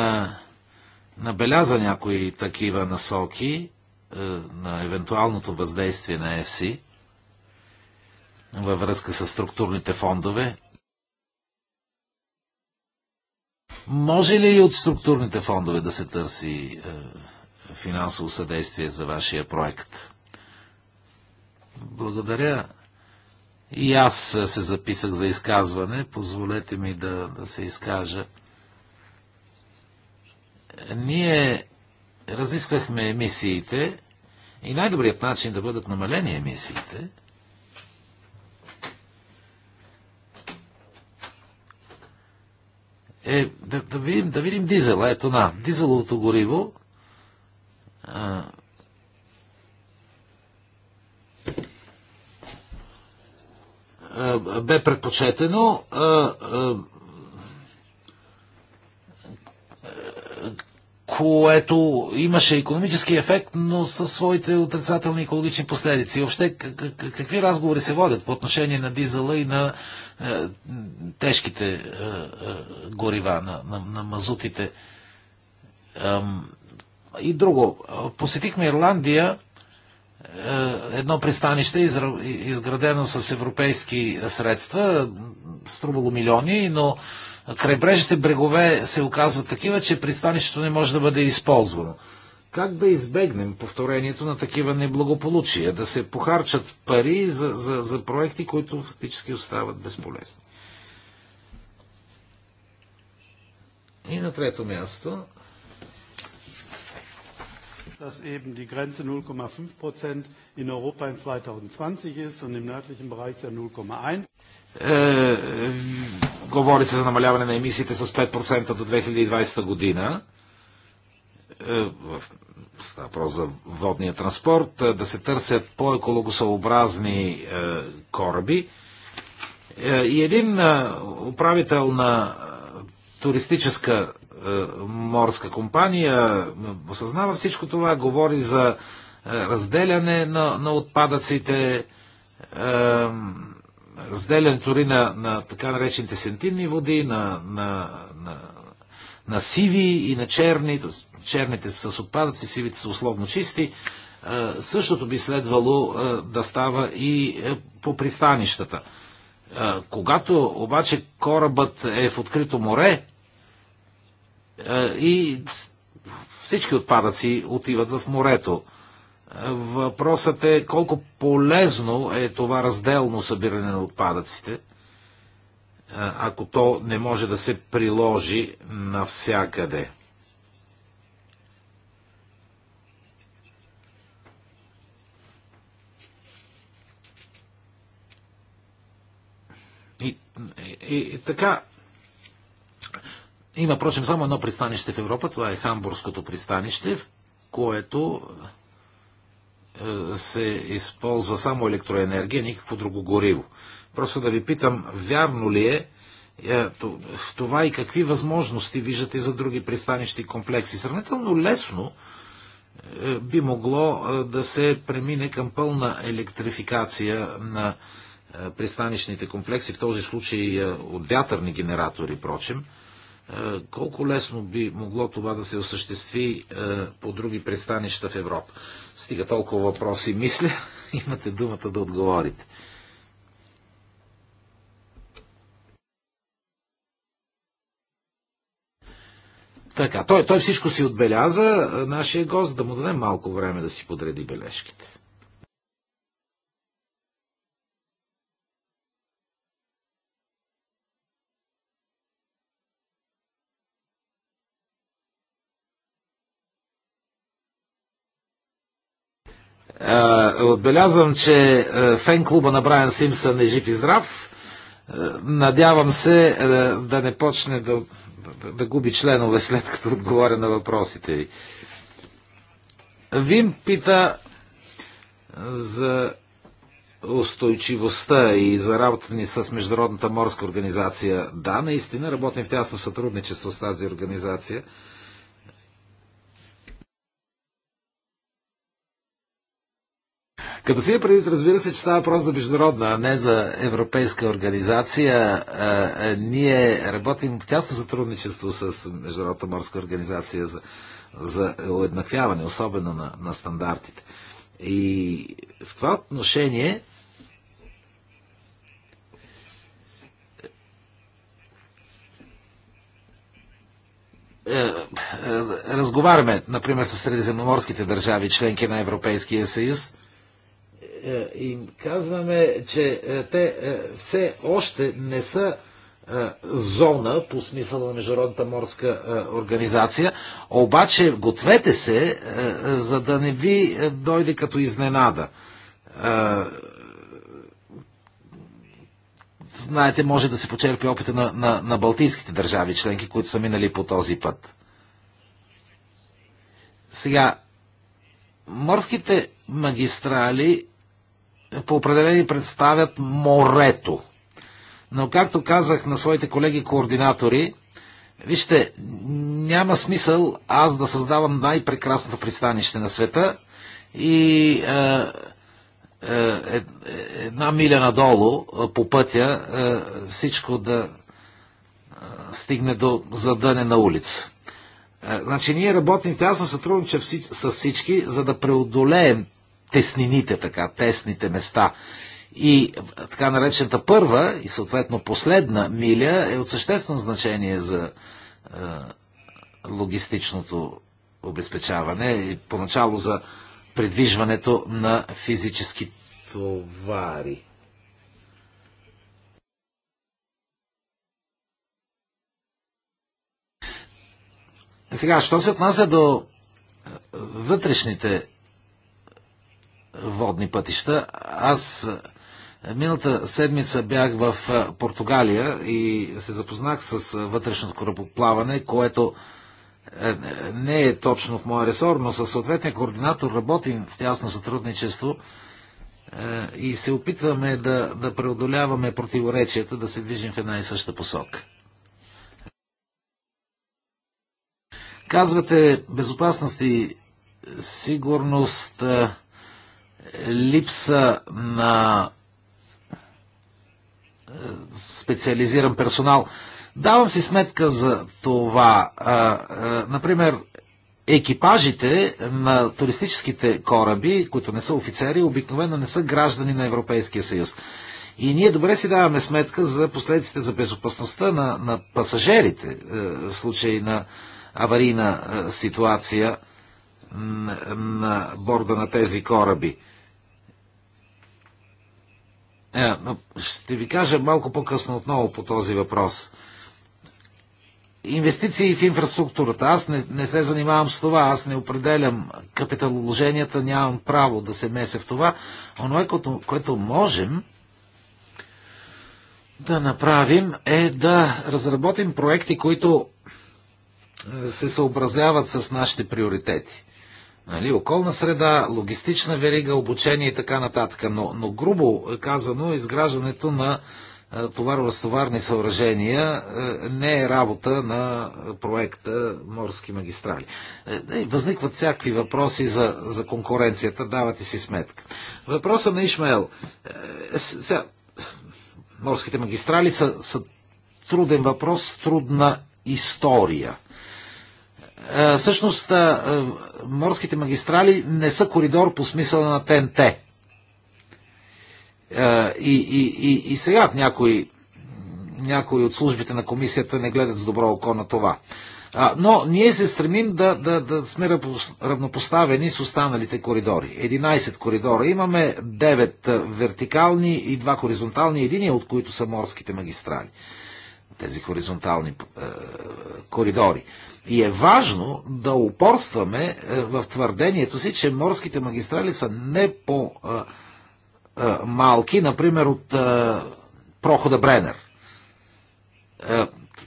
набеляза някои такива насоки на евентуалното въздействие на ЕФСИ във връзка с структурните фондове може ли от структурните фондове да се търси е, финансово съдействие за вашия проект? Благодаря. И аз е, се записах за изказване. Позволете ми да, да се изкажа. Ние разисквахме емисиите и най-добрият начин да бъдат намалени емисиите – Е, да, да, видим, да видим дизела. Ето на, дизеловото гориво. бе предпочетено което имаше економически ефект, но със своите отрицателни екологични последици. И въобще, какви разговори се водят по отношение на дизела и на е, тежките е, е, горива, на, на, на мазутите? Ем, и друго, посетихме Ирландия, е, едно пристанище, изградено с европейски средства, струвало милиони, но крайбрежните брегове се оказват такива, че пристанището не може да бъде използвано. Как да избегнем повторението на такива неблагополучия? Да се похарчат пари за, за, за проекти, които фактически остават безполезни. И на трето място. Dass eben die Grenze 0,5 Prozent in Europa in 2020 ist und im nördlichen Bereich ja 0,1. Говори се за намаляване на емисиите с 5% до 2020 година. Е, в въпрос за водния транспорт, е, да се търсят по-екологосъобразни е, кораби. И един управител на туристическа морска компания осъзнава всичко това, говори за разделяне на, на отпадъците, разделянето дори на, на така наречените сентинни води, на, на, на, на сиви и на черни, т.е. черните са с отпадъци, сивите са условно чисти, е, същото би следвало е, да става и е, по пристанищата. Когато обаче корабът е в открито море и всички отпадъци отиват в морето, Въпросът е колко полезно е това разделно събиране на отпадъците, ако то не може да се приложи навсякъде. И, и, и така, има, прочим, само едно пристанище в Европа, това е Хамбургското пристанище, в което е, се използва само електроенергия, никакво друго гориво. Просто да ви питам, вярно ли е, е това и какви възможности виждате за други пристанищи комплекси? Сравнително лесно е, би могло да се премине към пълна електрификация на пристанищните комплекси, в този случай от вятърни генератори, прочим – е, колко лесно би могло това да се осъществи е, по други пристанища в Европа? Стига толкова въпроси, мисля. Имате думата да отговорите. Така, той, той всичко си отбеляза, нашия гост, да му дадем малко време да си подреди бележките. Е, отбелязвам, че е, фен клуба на Брайан Симпсън е жив и здрав. Е, надявам се да не почне да, да губи членове след като отговоря на въпросите ви. Вим пита за устойчивостта и за работата ни с Международната морска организация. Да, наистина работим в тясно сътрудничество с тази организация. Като си е предвид, разбира се, че става въпрос за международна, а не за европейска организация, ние работим в тясно сътрудничество с Международната морска организация за, за уеднаквяване, особено на, на стандартите. И в това отношение е, е, разговаряме, например, с средиземноморските държави, членки на Европейския съюз – е, им казваме, че е, те е, все още не са зона по смисъла на Международната морска организация. Обаче гответе се, за да не ви дойде като изненада. Знаете, може да се почерпи опита на, на, на балтийските държави членки, които са минали по този път. Сега, морските магистрали по определени представят морето. Но както казах на своите колеги координатори, вижте, няма смисъл аз да създавам най-прекрасното пристанище на света и е, е, е една миля надолу е, по пътя е, всичко да е, стигне до задънена улица. Значи ние работим в тясно сътрудничество с всички, за да преодолеем теснините, така, тесните места. И така наречената първа и съответно последна миля е от съществено значение за е, логистичното обезпечаване и поначало за предвижването на физически товари. Сега, що се отнася до е, вътрешните водни пътища. Аз е, миналата седмица бях в е, Португалия и се запознах с е, вътрешното корабоплаване, което не е точно в моя ресор, но със съответния координатор работим в тясно сътрудничество и се опитваме да, да преодоляваме противоречията, да се движим в една и съща посока. Казвате безопасност и сигурност. А, липса на е, специализиран персонал. Давам си сметка за това. Например, екипажите на туристическите кораби, които не са офицери, обикновено не са граждани на Европейския съюз. И ние добре си даваме сметка за последиците за безопасността на, на пасажирите е, в случай на аварийна е, ситуация на борда на тези кораби. Е, ще ви кажа малко по-късно отново по този въпрос. Инвестиции в инфраструктурата. Аз не, не се занимавам с това, аз не определям капиталоложенията, нямам право да се месе в това. Онова, което, което можем да направим е да разработим проекти, които се съобразяват с нашите приоритети нали, околна среда, логистична верига, обучение и така нататък. Но, но грубо казано, изграждането на товаро-разтоварни съоръжения не е работа на проекта Морски магистрали. Е, възникват всякакви въпроси за, за конкуренцията, давате си сметка. Въпроса на Ишмаел. Е, е, сега, морските магистрали са, са труден въпрос, трудна история – е, всъщност е, е, морските магистрали не са коридор по смисъла на ТНТ. И, и, и, и сега в някои, някои от службите на комисията не гледат с добро око на това. Но ние се стремим да, да, да сме равнопоставени с останалите коридори. 11 коридора имаме, 9 вертикални и 2 хоризонтални, единия от които са морските магистрали. Тези хоризонтални е, коридори. И е важно да упорстваме е, в твърдението си, че морските магистрали са не по-малки, е, е, например, от прохода Бренер.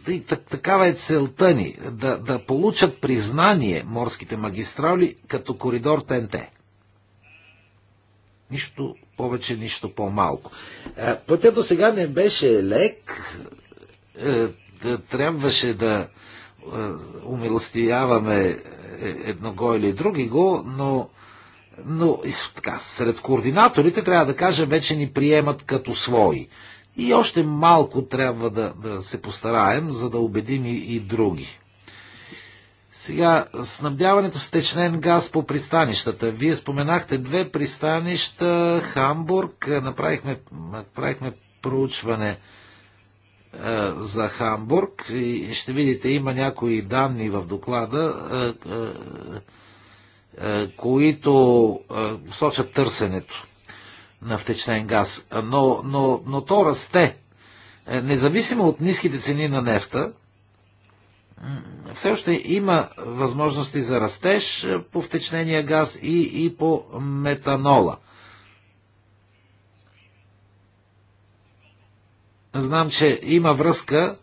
И такава е целта ни да, да получат признание морските магистрали като коридор ТНТ. Нищо повече, нищо по-малко. Пътя до сега не беше лек. Трябваше да е, умилостивяваме е, едного или други го, но, но така, сред координаторите трябва да кажем, вече ни приемат като свои. И още малко трябва да, да се постараем, за да убедим и, и други. Сега, снабдяването с течнен газ по пристанищата. Вие споменахте две пристанища, Хамбург, направихме, направихме проучване е, за Хамбург. И ще видите, има някои данни в доклада, е, е, които сочат търсенето на втечнен газ. Но, но, но то расте. Независимо от ниските цени на нефта, все още има възможности за растеж по втечнения газ и, и по метанола – Знам, че има връзка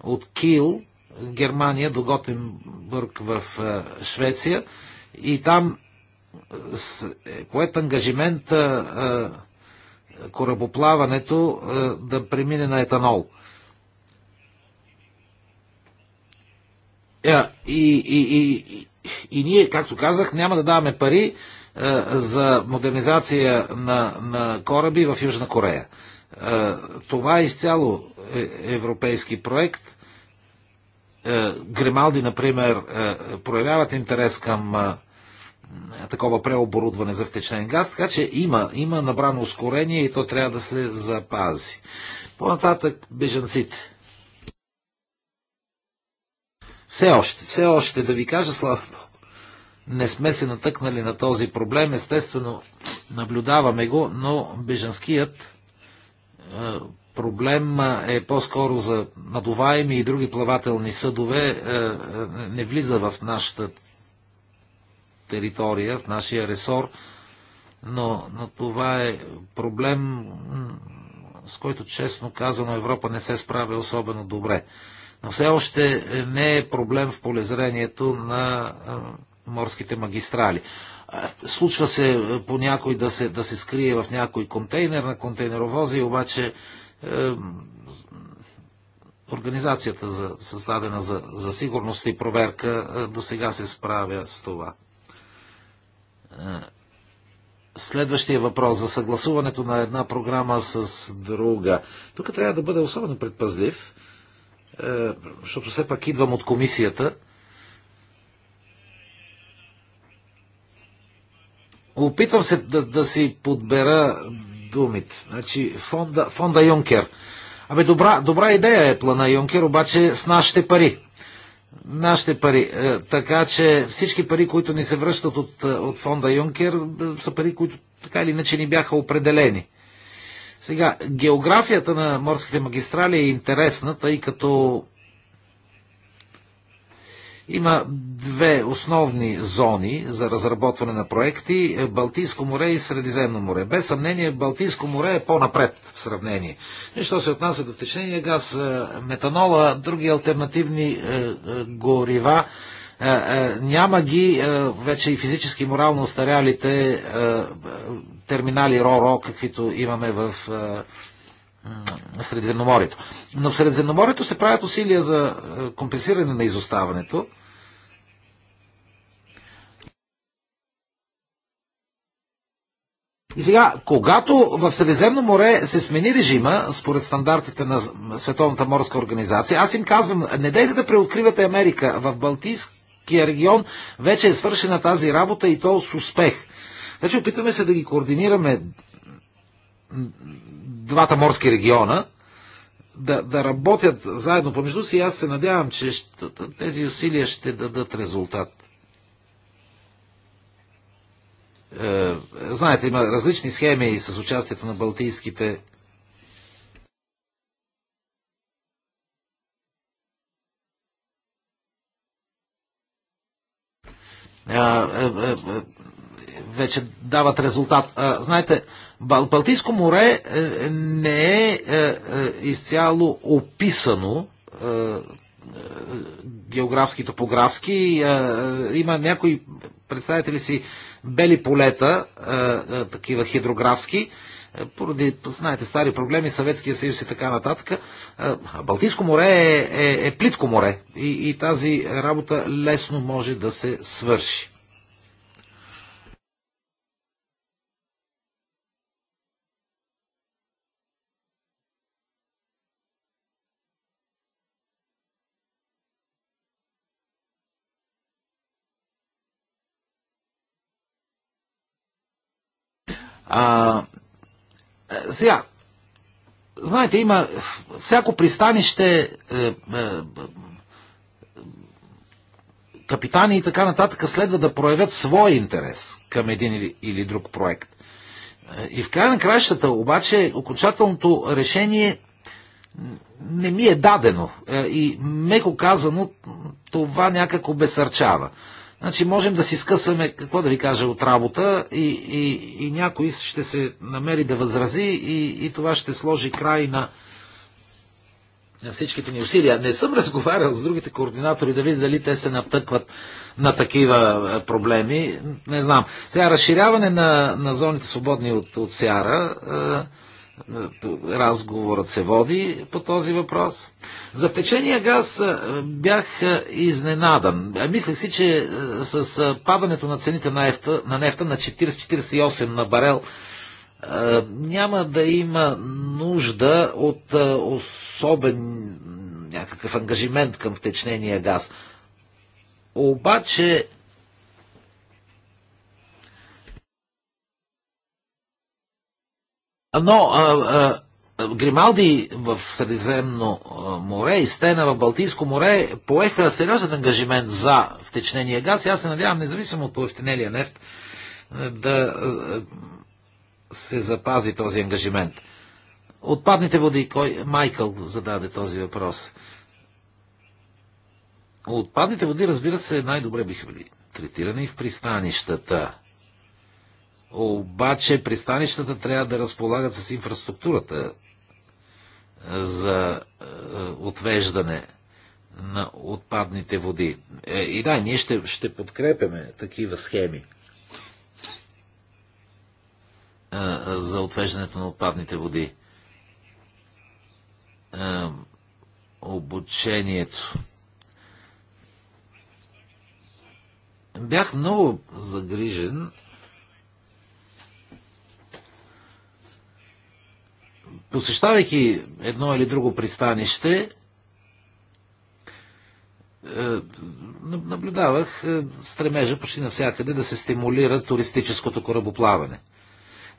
от Кил, Германия, до Готенбург в е, Швеция и там е, е поет ангажимент е, корабоплаването да премине на етанол. И, и, и, и ние, както казах, няма да даваме пари за модернизация на, на кораби в Южна Корея. Това е изцяло е, европейски проект. Е, Грималди, например, е, проявяват интерес към такова преоборудване за втечнен газ, така че има, има набрано ускорение и то трябва да се запази. По-нататък бежанците. Все още, все още да ви кажа, слава Богу, не сме се натъкнали на този проблем. Естествено, наблюдаваме го, но бежанският проблем е по-скоро за надуваеми и други плавателни съдове, е, е, не влиза в нашата територия, в нашия ресор, но, но това е проблем, с който честно казано Европа не се справя особено добре. Но все още не е проблем в полезрението на е, морските магистрали. Случва се е, по някой да се, да се скрие в някой контейнер на контейнеровози, обаче е, организацията, за, създадена за, за сигурност и проверка, е, до сега се справя с това. следващия въпрос за съгласуването на една програма с друга. Тук трябва да бъде особено предпазлив, защото все пак идвам от комисията – Опитвам се да, да си подбера думите. Значи, фонда, фонда Юнкер. Абе, добра, добра идея е плана Юнкер, обаче с нашите пари. Нашите пари. Е, така че всички пари, които ни се връщат от, е, от фонда Юнкер, е, са пари, които така или иначе ни бяха определени. Сега, географията на морските магистрали е интересна, тъй като има две основни зони за разработване на проекти Балтийско море и Средиземно море. Без съмнение Балтийско море е по-напред в сравнение. Нещо се отнася до втечнения газ, е, метанола, други альтернативни е, е, горива, няма ги вече и физически морално старялите терминали РОРО, каквито имаме в Средиземноморието. Но в Средиземноморието се правят усилия за компенсиране на изоставането И сега, когато в Средиземно море се смени режима, според стандартите на Световната морска организация, аз им казвам, не дайте да преоткривате Америка. В Балтийския регион вече е свършена тази работа и то с успех. Вече опитваме се да ги координираме двата морски региона, да, да работят заедно помежду си и аз се надявам, че ще, тези усилия ще дадат резултат. Е, знаете, има различни схеми и с участието на балтийските е, е, вече дават резултат. Знаете, Балтийско море не е изцяло описано географски, топографски. Има някои представители си бели полета, е, е, такива хидрографски, е, поради, знаете, стари проблеми, Съветския съюз и така нататък. Балтийско море е, е, е плитко море и, и тази работа лесно може да се свърши. А, е, сега, знаете, има всяко пристанище е, е, капитани и така нататък следва да проявят своя интерес към един или друг проект. Е, и в края на кращата, обаче, окончателното решение не ми е дадено. Е, и меко казано, това някак обесърчава. Значи можем да си скъсаме, какво да ви кажа, от работа и, и, и някой ще се намери да възрази и, и това ще сложи край на, на всичките ни усилия. Не съм разговарял с другите координатори да видя дали те се натъкват на такива е, проблеми. Не знам. Сега разширяване на, на зоните свободни от, от сяра. Е, разговорът се води по този въпрос. За течения газ бях изненадан. Мислех си, че с падането на цените на нефта на, нефта на 40-48 на барел няма да има нужда от особен някакъв ангажимент към втечнения газ. Обаче Но а, а, Грималди в Средиземно море и Стена в Балтийско море поеха сериозен ангажимент за втечнения газ и аз се надявам, независимо от поевтенелия нефт, да се запази този ангажимент. Отпадните води, кой Майкъл зададе този въпрос. Отпадните води, разбира се, най-добре биха били третирани в пристанищата обаче пристанищата трябва да разполагат с инфраструктурата е, за е, отвеждане на отпадните води. Е, и да, ние ще, ще подкрепяме такива схеми за отвеждането на отпадните води. Обучението. Бях много загрижен посещавайки едно или друго пристанище, е, наблюдавах е, стремежа почти навсякъде да се стимулира туристическото корабоплаване.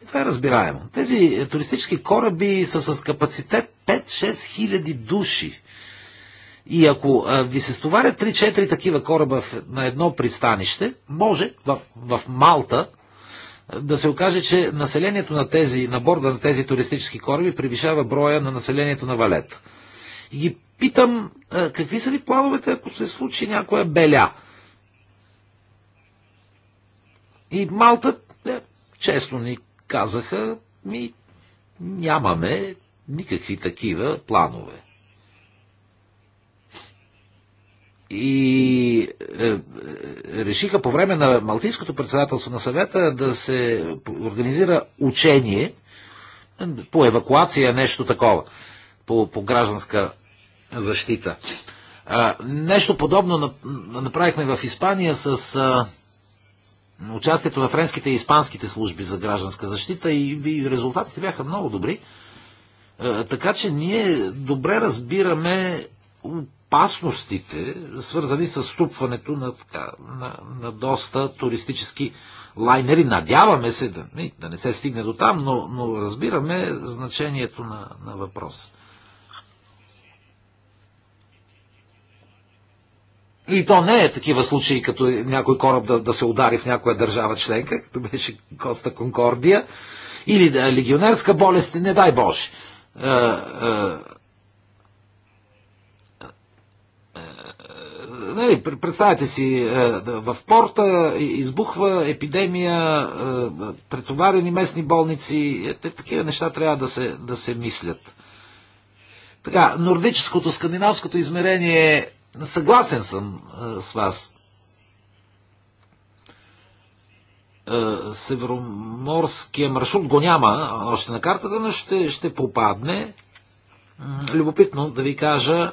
И това е разбираемо. Тези е, туристически кораби са с капацитет 5-6 хиляди души. И ако ви се стоварят 3-4 такива кораба на едно пристанище, може в, в Малта, да се окаже, че населението на тези, на борда на тези туристически кораби превишава броя на населението на Валет. И ги питам, какви са ви плановете, ако се случи някоя беля? И Малта, е, честно ни казаха, ми нямаме никакви такива планове. и е, е, решиха по време на Малтийското председателство на съвета да се организира учение по евакуация, нещо такова, по, по гражданска защита. А, нещо подобно направихме в Испания с а, участието на френските и испанските служби за гражданска защита и, и резултатите бяха много добри. А, така че ние добре разбираме опасностите, свързани с ступването на, така, на, на доста туристически лайнери. Надяваме се да, да не се стигне до там, но, но разбираме значението на, на въпроса. И то не е такива случаи, като някой кораб да, да се удари в някоя държава членка, като беше Коста Конкордия, или да, легионерска болест, не дай Боже. Е, е, Нали, представете си, е, в порта избухва епидемия, е, претоварени местни болници, е, такива неща трябва да се, да се мислят. Така, нордическото, скандинавското измерение, съгласен съм с вас. Североморския маршрут го няма още на картата, но ще, ще попадне. Любопитно да ви кажа,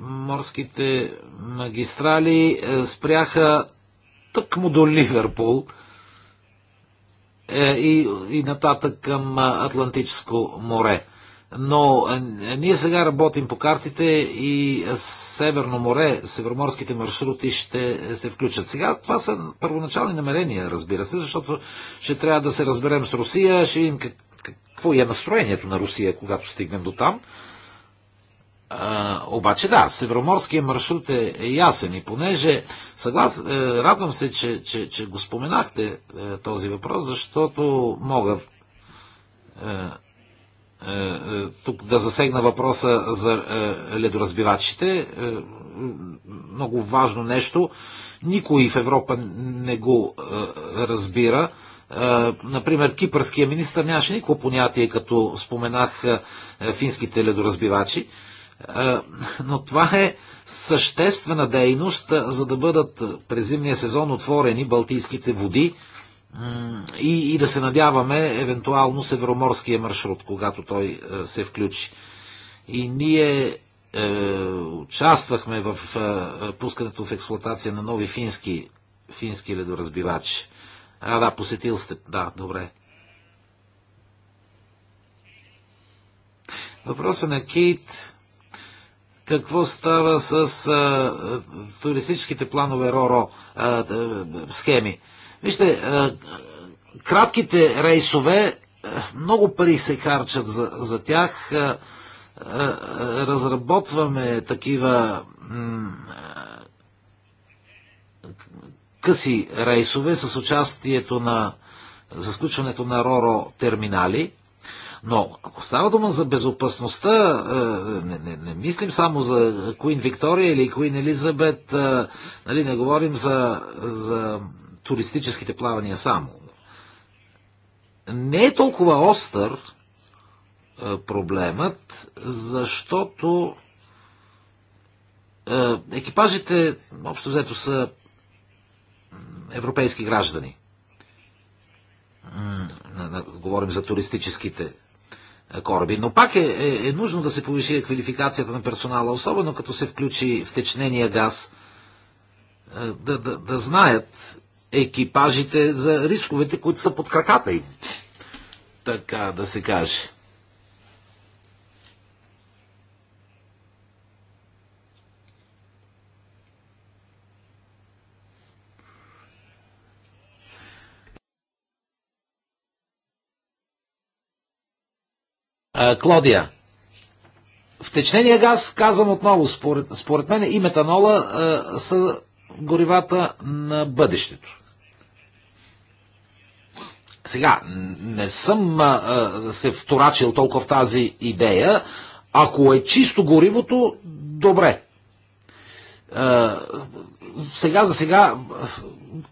морските магистрали е, спряха тъкмо до Ливерпул е, и, и нататък към Атлантическо море. Но е, ние сега работим по картите и Северно море, североморските маршрути ще се включат. Сега това са първоначални намерения, разбира се, защото ще трябва да се разберем с Русия, ще видим как, какво е настроението на Русия, когато стигнем до там. А, обаче да, североморския маршрут е, е ясен и понеже съглас, е, радвам се, че, че, че го споменахте е, този въпрос, защото мога е, е, е тук да засегна въпроса за е, ледоразбивачите. Е, много важно нещо. Никой в Европа не го е, разбира. Е, например, кипърския министр нямаше никакво понятие, като споменах е, финските ледоразбивачи. Е, но това е съществена дейност, е, за да бъдат през зимния сезон отворени Балтийските води и, и да се надяваме евентуално Североморския маршрут, когато той е, се включи. И ние е, участвахме в е, пускането в експлуатация на нови фински, фински ледоразбивачи. А, да, посетил сте. Да, добре. Въпросът на Кейт какво става с а, туристическите планове РОРО а, схеми. Вижте, а, кратките рейсове, много пари се харчат за, за тях. А, а, разработваме такива къси рейсове с участието на за сключването на РОРО терминали. Но ако става дума за безопасността, е, не, не, не мислим само за Куин Виктория или Куин Елизабет, е, нали, не говорим за, за туристическите плавания само. Не е толкова остър е, проблемът, защото екипажите, общо взето, са европейски граждани. Говорим за туристическите кораби. Но пак е, е, е нужно да се повиши квалификацията на персонала, особено като се включи втечнения газ, е, да, да, да знаят екипажите за рисковете, които са под краката им. Така да се каже. Клодия. Втечнения газ, казвам отново, според, според мен и метанола а, са горивата на бъдещето. Сега, не съм а, се вторачил толкова в тази идея. Ако е чисто горивото, добре. А, сега за сега,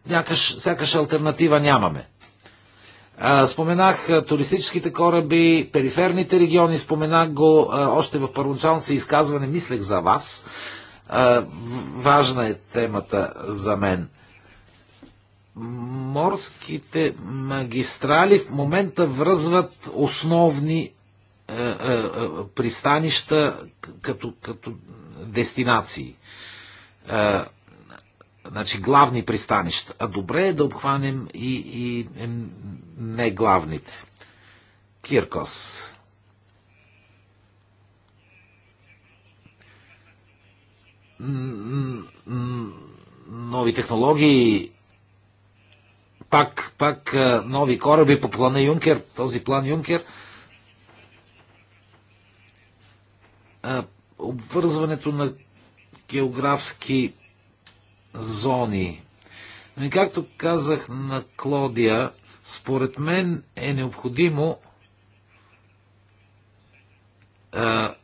някаш, сякаш альтернатива нямаме. Споменах туристическите кораби, периферните региони, споменах го още в първоначално си изказване, мислех за вас. Важна е темата за мен. Морските магистрали в момента връзват основни е, е, е, пристанища като, като дестинации. Значи главни пристанища. А добре е да обхванем и, и е, не главните. Киркос. Нови технологии, пак, пак е, нови кораби по плана Юнкер, този план Юнкер. Е, обвързването на географски зони. Но и както казах на Клодия, според мен е необходимо а,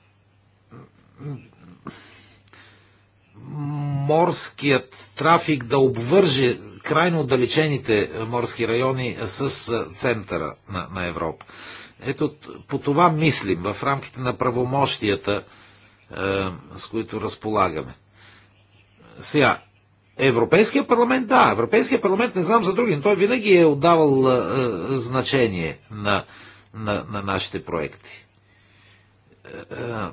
морският трафик да обвърже крайно отдалечените морски райони с центъра на, на Европа. Ето по това мислим в рамките на правомощията, е, с които разполагаме. Сега, Европейския парламент, да. Европейския парламент не знам за други, но той винаги е отдавал а, а, значение на, на, на нашите проекти. А,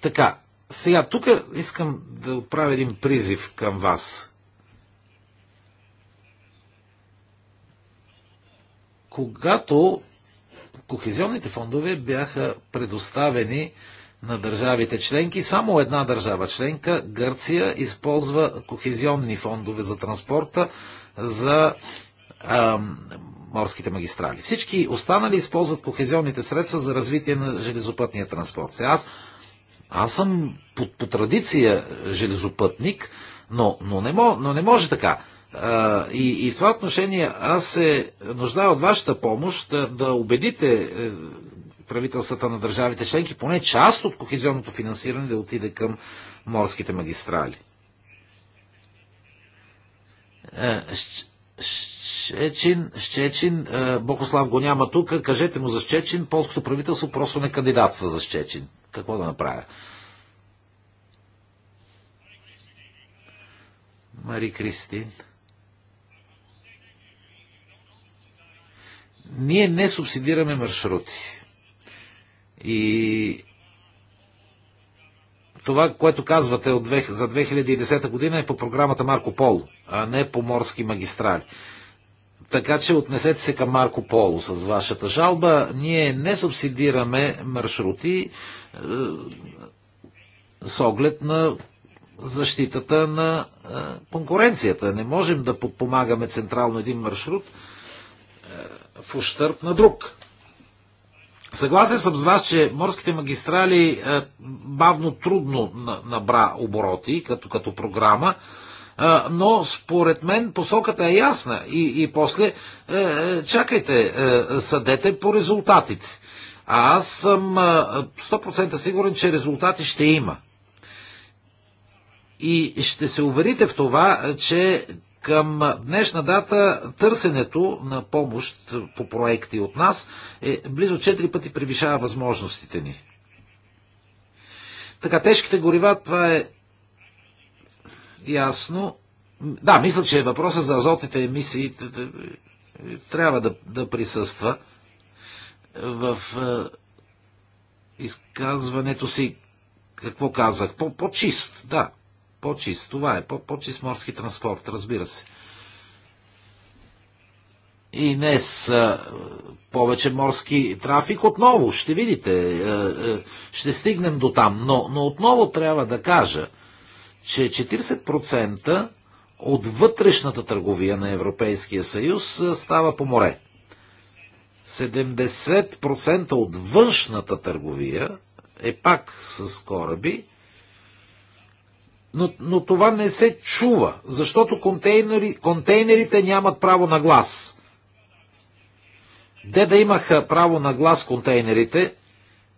Така, сега тук искам да отправя един призив към вас. когато кохезионните фондове бяха предоставени на държавите членки. Само една държава членка, Гърция, използва кохезионни фондове за транспорта за а, морските магистрали. Всички останали използват кохезионните средства за развитие на железопътния транспорт. Сега аз, аз съм по, по традиция железопътник, но, но, не, но не може така. И, и в това отношение аз се нуждая от вашата помощ да, да убедите е, правителствата на държавите членки, поне част от кохезионното финансиране да отиде към морските магистрали. Е, Щечин, Щечин, Богослав го няма тук, кажете му за Щечин, полското правителство просто не кандидатства за Щечин. Какво да направя? Мари Кристин. Ние не субсидираме маршрути. И това, което казвате от, за 2010 година е по програмата Марко Поло, а не по морски магистрали. Така че отнесете се към Марко Поло с вашата жалба. Ние не субсидираме маршрути е, с оглед на защитата на е, конкуренцията. Не можем да подпомагаме централно един маршрут, е, в ущърп на друг. Съгласен съм с вас, че морските магистрали е, бавно трудно набра обороти като, като програма, е, но според мен посоката е ясна и, и после е, чакайте, съдете по резултатите. А аз съм 100% сигурен, че резултати ще има. И ще се уверите в това, че към днешна дата търсенето на помощ по проекти от нас е близо 4 пъти превишава възможностите ни. Така, тежките горива, това е ясно. Да, мисля, че въпроса за азотните емисии трябва да, да присъства в е, изказването си. Какво казах? По-чист, -по да по-чист. Това е по-чист морски транспорт, разбира се. И днес повече морски трафик отново, ще видите, ще стигнем до там. Но, но отново трябва да кажа, че 40% от вътрешната търговия на Европейския съюз става по море. 70% от външната търговия е пак с кораби но, но това не се чува, защото контейнери, контейнерите нямат право на глас. Де да имаха право на глас контейнерите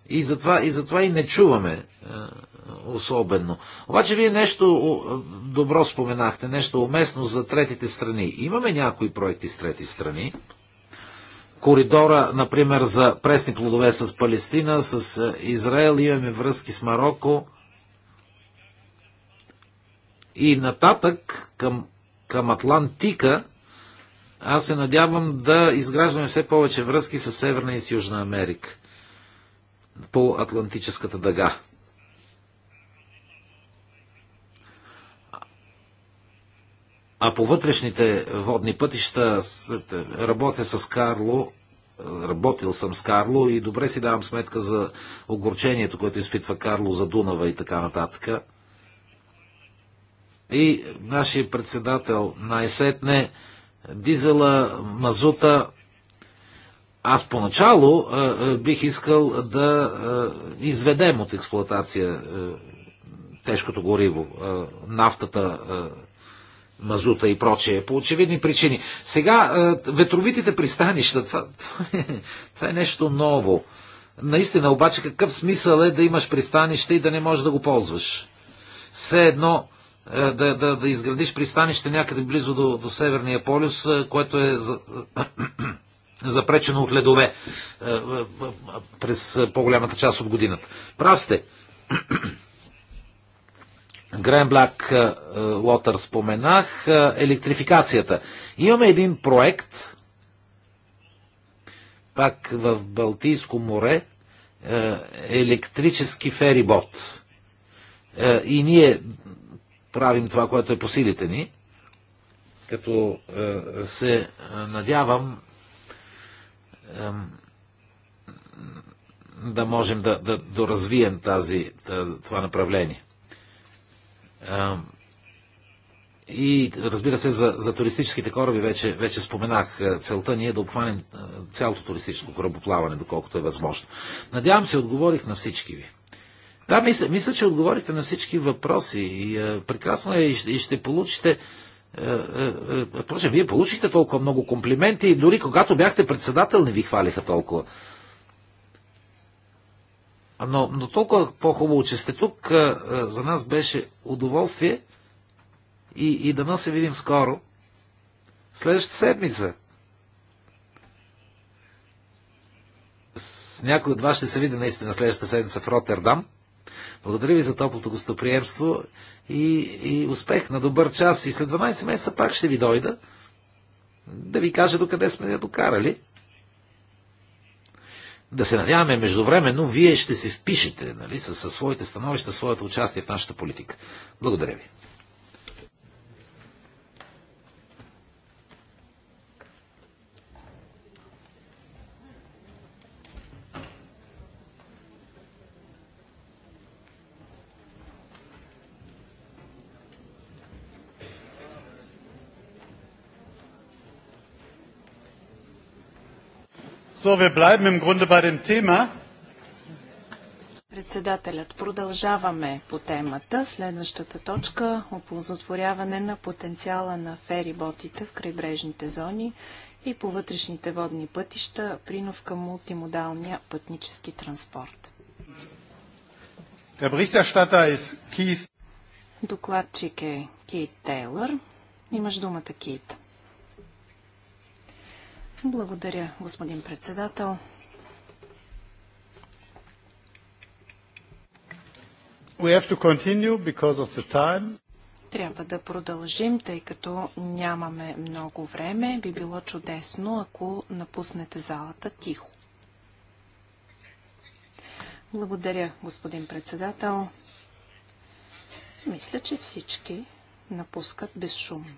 и затова и, затова и не чуваме е, особено. Обаче вие нещо добро споменахте, нещо уместно за третите страни. Имаме някои проекти с трети страни. Коридора, например, за пресни плодове с Палестина, с е, Израел, имаме връзки с Марокко и нататък към, към Атлантика, аз се надявам да изграждаме все повече връзки с Северна и с Южна Америка по Атлантическата дъга. А по вътрешните водни пътища работя с Карло, работил съм с Карло и добре си давам сметка за огорчението, което изпитва Карло за Дунава и така нататък. И нашия председател най-сетне дизела, мазута. Аз поначало бих искал да изведем от експлоатация тежкото гориво, нафтата, мазута и прочее, по очевидни причини. Сега, ветровитите пристанища, това, е, това е нещо ново. Наистина, обаче, какъв смисъл е да имаш пристанище и да не можеш да го ползваш? Все едно, е, да, да, да изградиш пристанище някъде близо до, до Северния полюс, е, което е за, запречено от ледове е, през по-голямата част от годината. Прав сте. Грен Блак Лотър споменах, електрификацията. Имаме един проект, пак в Балтийско море, електрически ферибот. И ние правим това, което е по силите ни, като е, се е, надявам да можем да, да доразвием тази, това направление. И разбира се, за, за туристическите кораби вече, вече споменах. Е, целта ни е да обхванем цялото туристическо корабоплаване, доколкото е възможно. Надявам се, отговорих на всички ви. Да, мисля, мисля, че отговорите на всички въпроси. И, а, е, прекрасно е и ще, и ще получите. Е, е, е, Впрочем, вие получихте толкова много комплименти и дори когато бяхте председател не ви хвалиха толкова. Но, но толкова по-хубаво, че сте тук, за нас беше удоволствие и, и нас се видим скоро. Следващата седмица. С някой от вас ще се види наистина следващата седмица в Роттердам. Благодаря ви за топлото гостоприемство и, и успех на добър час. И след 12 месеца пак ще ви дойда да ви кажа докъде сме я докарали. Да се надяваме междувременно, вие ще се впишете нали, със своите становища, своето участие в нашата политика. Благодаря ви. So, wir bleiben im Grunde bei dem Thema. Председателят, продължаваме по темата. Следващата точка – оползотворяване на потенциала на фериботите в крайбрежните зони и по вътрешните водни пътища, принос към мултимодалния пътнически транспорт. Докладчик е Кейт Тейлър. Имаш думата, Кейт. Благодаря, господин председател. Трябва да продължим, тъй като нямаме много време. Би било чудесно, ако напуснете залата тихо. Благодаря, господин председател. Мисля, че всички напускат безшумно.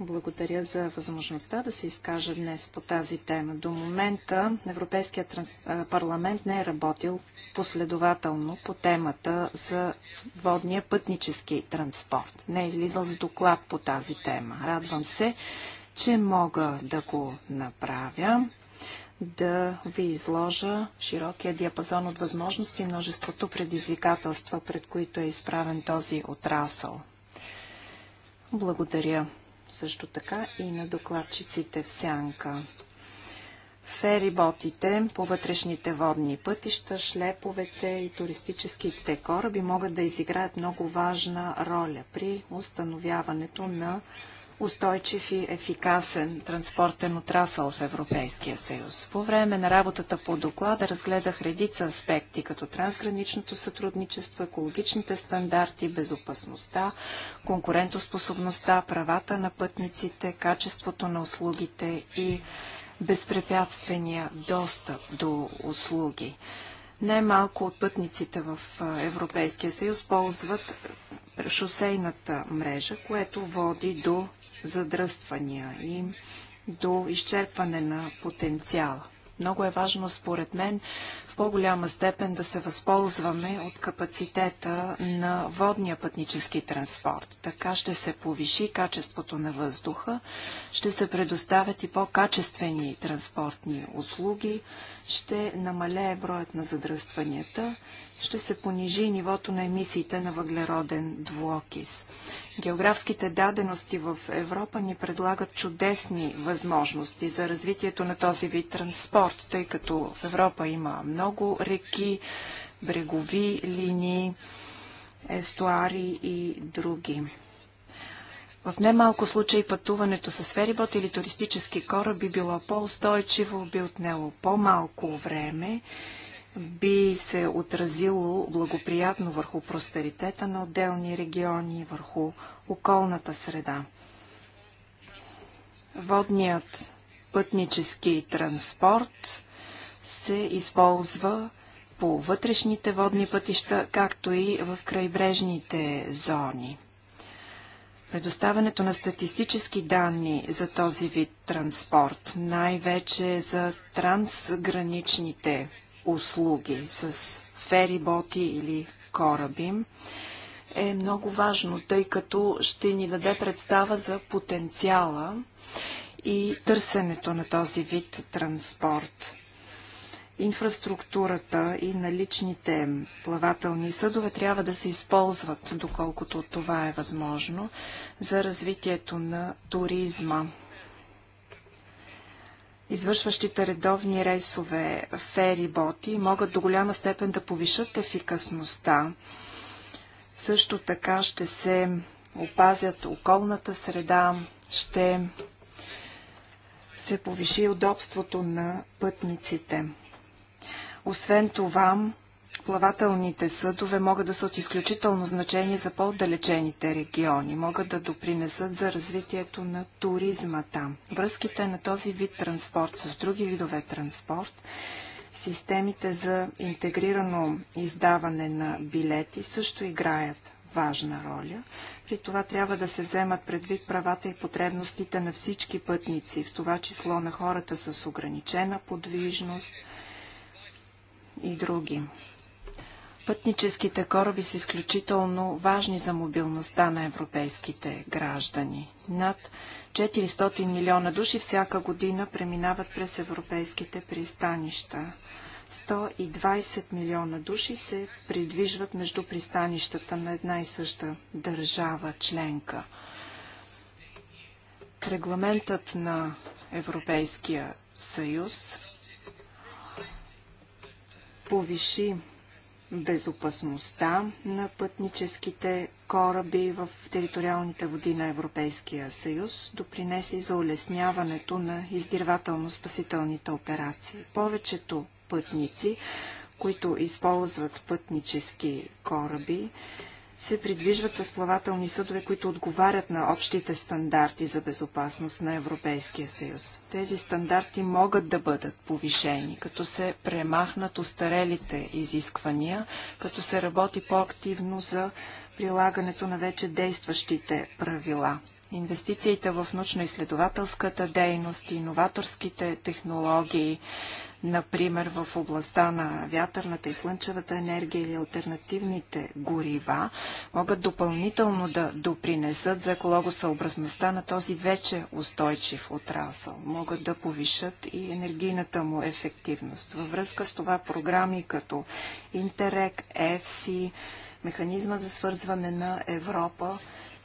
Благодаря за възможността да се изкажа днес по тази тема. До момента Европейският транс... парламент не е работил последователно по темата за водния пътнически транспорт. Не е излизал с доклад по тази тема. Радвам се, че мога да го направя да ви изложа широкия диапазон от възможности и множеството предизвикателства, пред които е изправен този отрасъл. Благодаря също така и на докладчиците в сянка. Фериботите по вътрешните водни пътища, шлеповете и туристическите кораби могат да изиграят много важна роля при установяването на устойчив и ефикасен транспортен отрасъл в Европейския съюз. По време на работата по доклада разгледах редица аспекти, като трансграничното сътрудничество, екологичните стандарти, безопасността, конкурентоспособността, правата на пътниците, качеството на услугите и безпрепятствения достъп до услуги. Най-малко от пътниците в Европейския съюз ползват шосейната мрежа, което води до задръствания и до изчерпване на потенциала. Много е важно, според мен, в по-голяма степен да се възползваме от капацитета на водния пътнически транспорт. Така ще се повиши качеството на въздуха, ще се предоставят и по-качествени транспортни услуги, ще намалее броят на задръстванията ще се понижи нивото на емисиите на въглероден двуокис. Географските дадености в Европа ни предлагат чудесни възможности за развитието на този вид транспорт, тъй като в Европа има много реки, брегови линии, естуари и други. В немалко случаи пътуването с ферибот или туристически кораби било по-устойчиво, би отнело по-малко време би се отразило благоприятно върху просперитета на отделни региони, върху околната среда. Водният пътнически транспорт се използва по вътрешните водни пътища, както и в крайбрежните зони. Предоставянето на статистически данни за този вид транспорт, най-вече за трансграничните услуги с фериботи или кораби е много важно, тъй като ще ни даде представа за потенциала и търсенето на този вид транспорт. Инфраструктурата и наличните плавателни съдове трябва да се използват, доколкото това е възможно, за развитието на туризма извършващите редовни рейсове фериботи могат до голяма степен да повишат ефикасността. Също така ще се опазят околната среда, ще се повиши удобството на пътниците. Освен това, плавателните съдове могат да са от изключително значение за по-отдалечените региони, могат да допринесат за развитието на туризма там. Връзките на този вид транспорт с други видове транспорт, системите за интегрирано издаване на билети също играят важна роля. При това трябва да се вземат предвид правата и потребностите на всички пътници, в това число на хората с ограничена подвижност и други. Пътническите кораби са изключително важни за мобилността на европейските граждани. Над 400 милиона души всяка година преминават през европейските пристанища. 120 милиона души се придвижват между пристанищата на една и съща държава членка. Регламентът на Европейския съюз повиши безопасността на пътническите кораби в териториалните води на Европейския съюз, допринесе и за улесняването на издирвателно-спасителните операции. Повечето пътници, които използват пътнически кораби, се придвижват с плавателни съдове, които отговарят на общите стандарти за безопасност на Европейския съюз. Тези стандарти могат да бъдат повишени, като се премахнат устарелите изисквания, като се работи по-активно за прилагането на вече действащите правила. Инвестициите в научно-изследователската дейност и иноваторските технологии например в областта на вятърната и слънчевата енергия или альтернативните горива, могат допълнително да допринесат за екологосъобразността на този вече устойчив отрасъл. Могат да повишат и енергийната му ефективност. Във връзка с това програми като Интерек, EFSI, механизма за свързване на Европа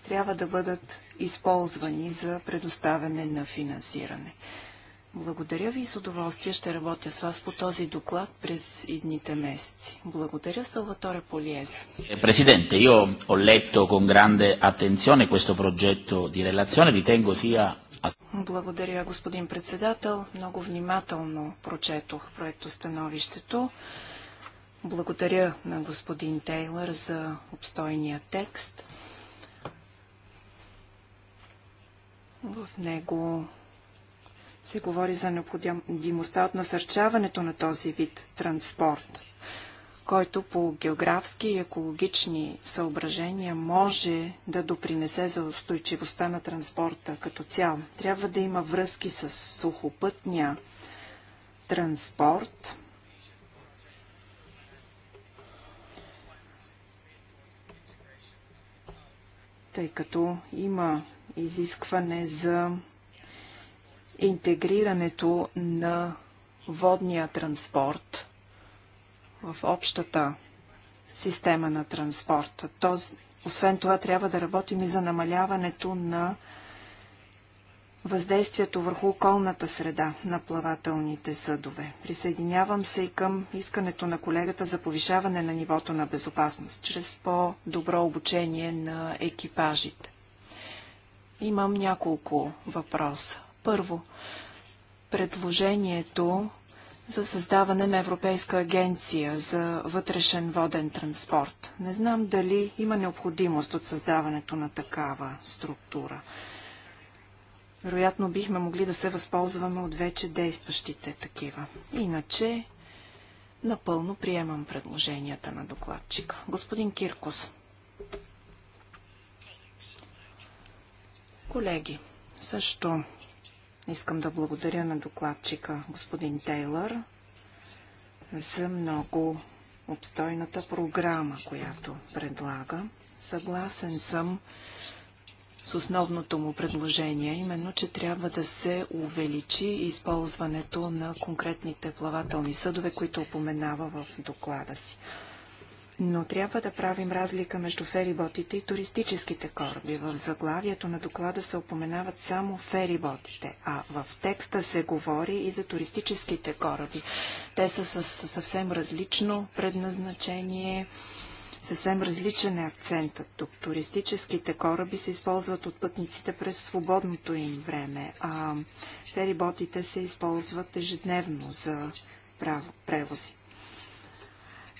трябва да бъдат използвани за предоставяне на финансиране. Благодаря ви и с удоволствие ще работя с вас по този доклад през идните месеци. Благодаря, Салваторе Полиеза. Е, Президенте, io ho letto con grande attenzione questo progetto di relazione, ritengo sia благодаря, господин председател. Много внимателно прочетох проектостановището. Благодаря на господин Тейлър за обстойния текст. В него се говори за необходимостта от насърчаването на този вид транспорт, който по географски и екологични съображения може да допринесе за устойчивостта на транспорта като цяло. Трябва да има връзки с сухопътния транспорт. Тъй като има изискване за интегрирането на водния транспорт в общата система на транспорта. Този, освен това, трябва да работим и за намаляването на въздействието върху околната среда на плавателните съдове. Присъединявам се и към искането на колегата за повишаване на нивото на безопасност, чрез по-добро обучение на екипажите. Имам няколко въпроса. Първо, предложението за създаване на Европейска агенция за вътрешен воден транспорт. Не знам дали има необходимост от създаването на такава структура. Вероятно бихме могли да се възползваме от вече действащите такива. Иначе напълно приемам предложенията на докладчика. Господин Киркос. Колеги, също Искам да благодаря на докладчика господин Тейлър за много обстойната програма, която предлага. Съгласен съм с основното му предложение, именно, че трябва да се увеличи използването на конкретните плавателни съдове, които упоменава в доклада си. Но трябва да правим разлика между фериботите и туристическите кораби. В заглавието на доклада се упоменават само фериботите, а в текста се говори и за туристическите кораби. Те са с съвсем различно предназначение, съвсем различен е акцентът тук. Туристическите кораби се използват от пътниците през свободното им време, а фериботите се използват ежедневно за превози.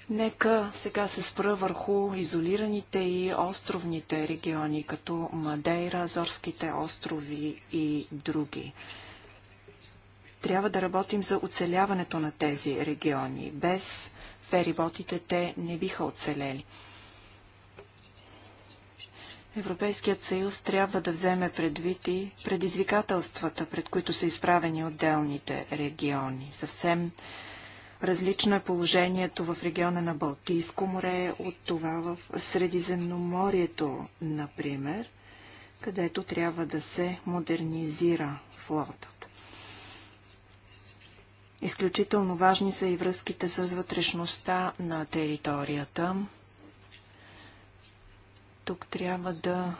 Нека сега се спра върху изолираните и островните региони, като Мадейра, Азорските острови и други. Трябва да работим за оцеляването на тези региони. Без фериботите те не биха оцелели. Европейският съюз трябва да вземе предвид и предизвикателствата, пред които са изправени отделните региони. Съвсем Различно е положението в региона на Балтийско море от това в Средиземноморието, например, където трябва да се модернизира флотът. Изключително важни са и връзките с вътрешността на територията. Тук трябва да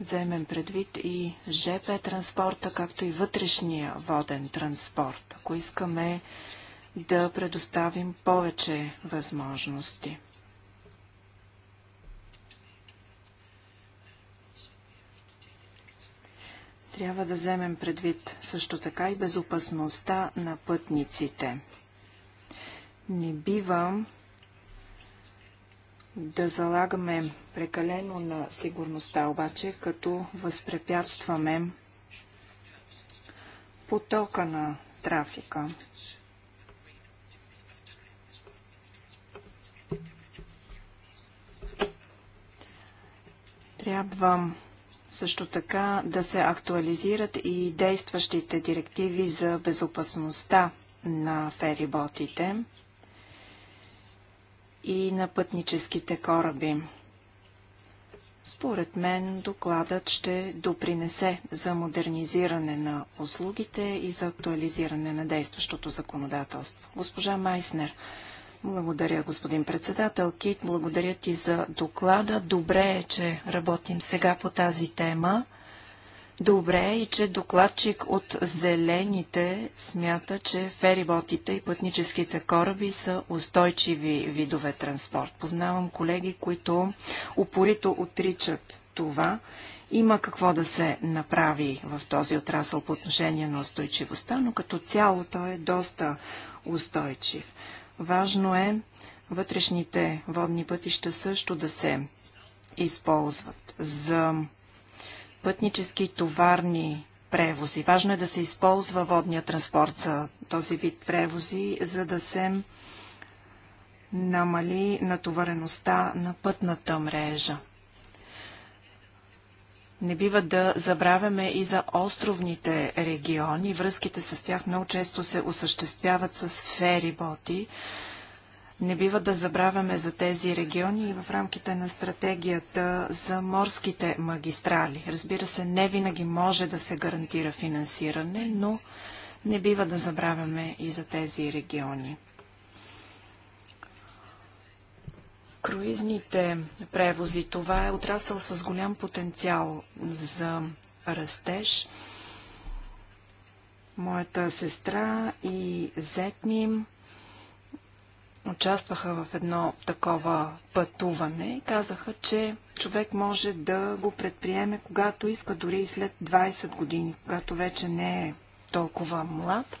вземем предвид и ЖП транспорта, както и вътрешния воден транспорт. Ако искаме да предоставим повече възможности. Трябва да вземем предвид също така и безопасността на пътниците. Не бива да залагаме прекалено на сигурността, обаче като възпрепятстваме потока на трафика. Трябва също така да се актуализират и действащите директиви за безопасността на фериботите и на пътническите кораби. Според мен докладът ще допринесе за модернизиране на услугите и за актуализиране на действащото законодателство. Госпожа Майснер, благодаря, господин председател. Кит, благодаря ти за доклада. Добре е, че работим сега по тази тема. Добре е и че докладчик от зелените смята, че фериботите и пътническите кораби са устойчиви видове транспорт. Познавам колеги, които упорито отричат това. Има какво да се направи в този отрасъл по отношение на устойчивостта, но като цяло той е доста устойчив. Важно е вътрешните водни пътища също да се използват за пътнически товарни превози. Важно е да се използва водния транспорт за този вид превози, за да се намали натовареността на пътната мрежа. Не бива да забравяме и за островните региони. Връзките с тях много често се осъществяват с фериботи. Не бива да забравяме за тези региони и в рамките на стратегията за морските магистрали. Разбира се, не винаги може да се гарантира финансиране, но не бива да забравяме и за тези региони. Круизните превози, това е отрасъл с голям потенциал за растеж. Моята сестра и зет ми участваха в едно такова пътуване и казаха, че човек може да го предприеме, когато иска, дори и след 20 години, когато вече не е толкова млад.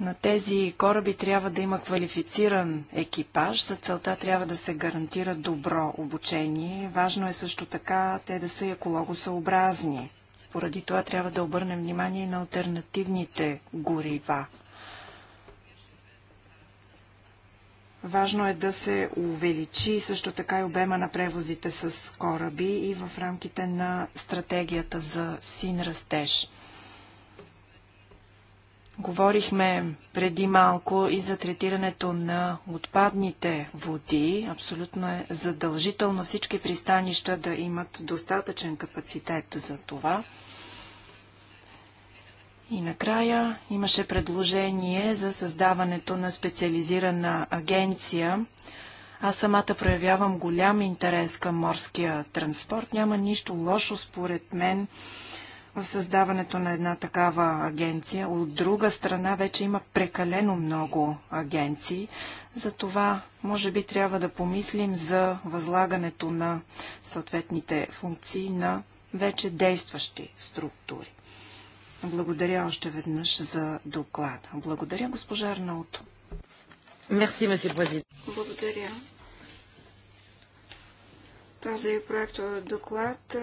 На тези кораби трябва да има квалифициран екипаж. За целта трябва да се гарантира добро обучение. Важно е също така те да са екологосъобразни. Поради това трябва да обърнем внимание и на альтернативните горива. Важно е да се увеличи също така и обема на превозите с кораби и в рамките на стратегията за син растеж – Говорихме преди малко и за третирането на отпадните води. Абсолютно е задължително всички пристанища да имат достатъчен капацитет за това. И накрая имаше предложение за създаването на специализирана агенция. Аз самата проявявам голям интерес към морския транспорт. Няма нищо лошо според мен в създаването на една такава агенция. От друга страна вече има прекалено много агенции. Затова може би трябва да помислим за възлагането на съответните функции на вече действащи структури. Благодаря още веднъж за доклада. Благодаря, госпожа Арнауто. Мерси, месье Благодаря. Този проект доклад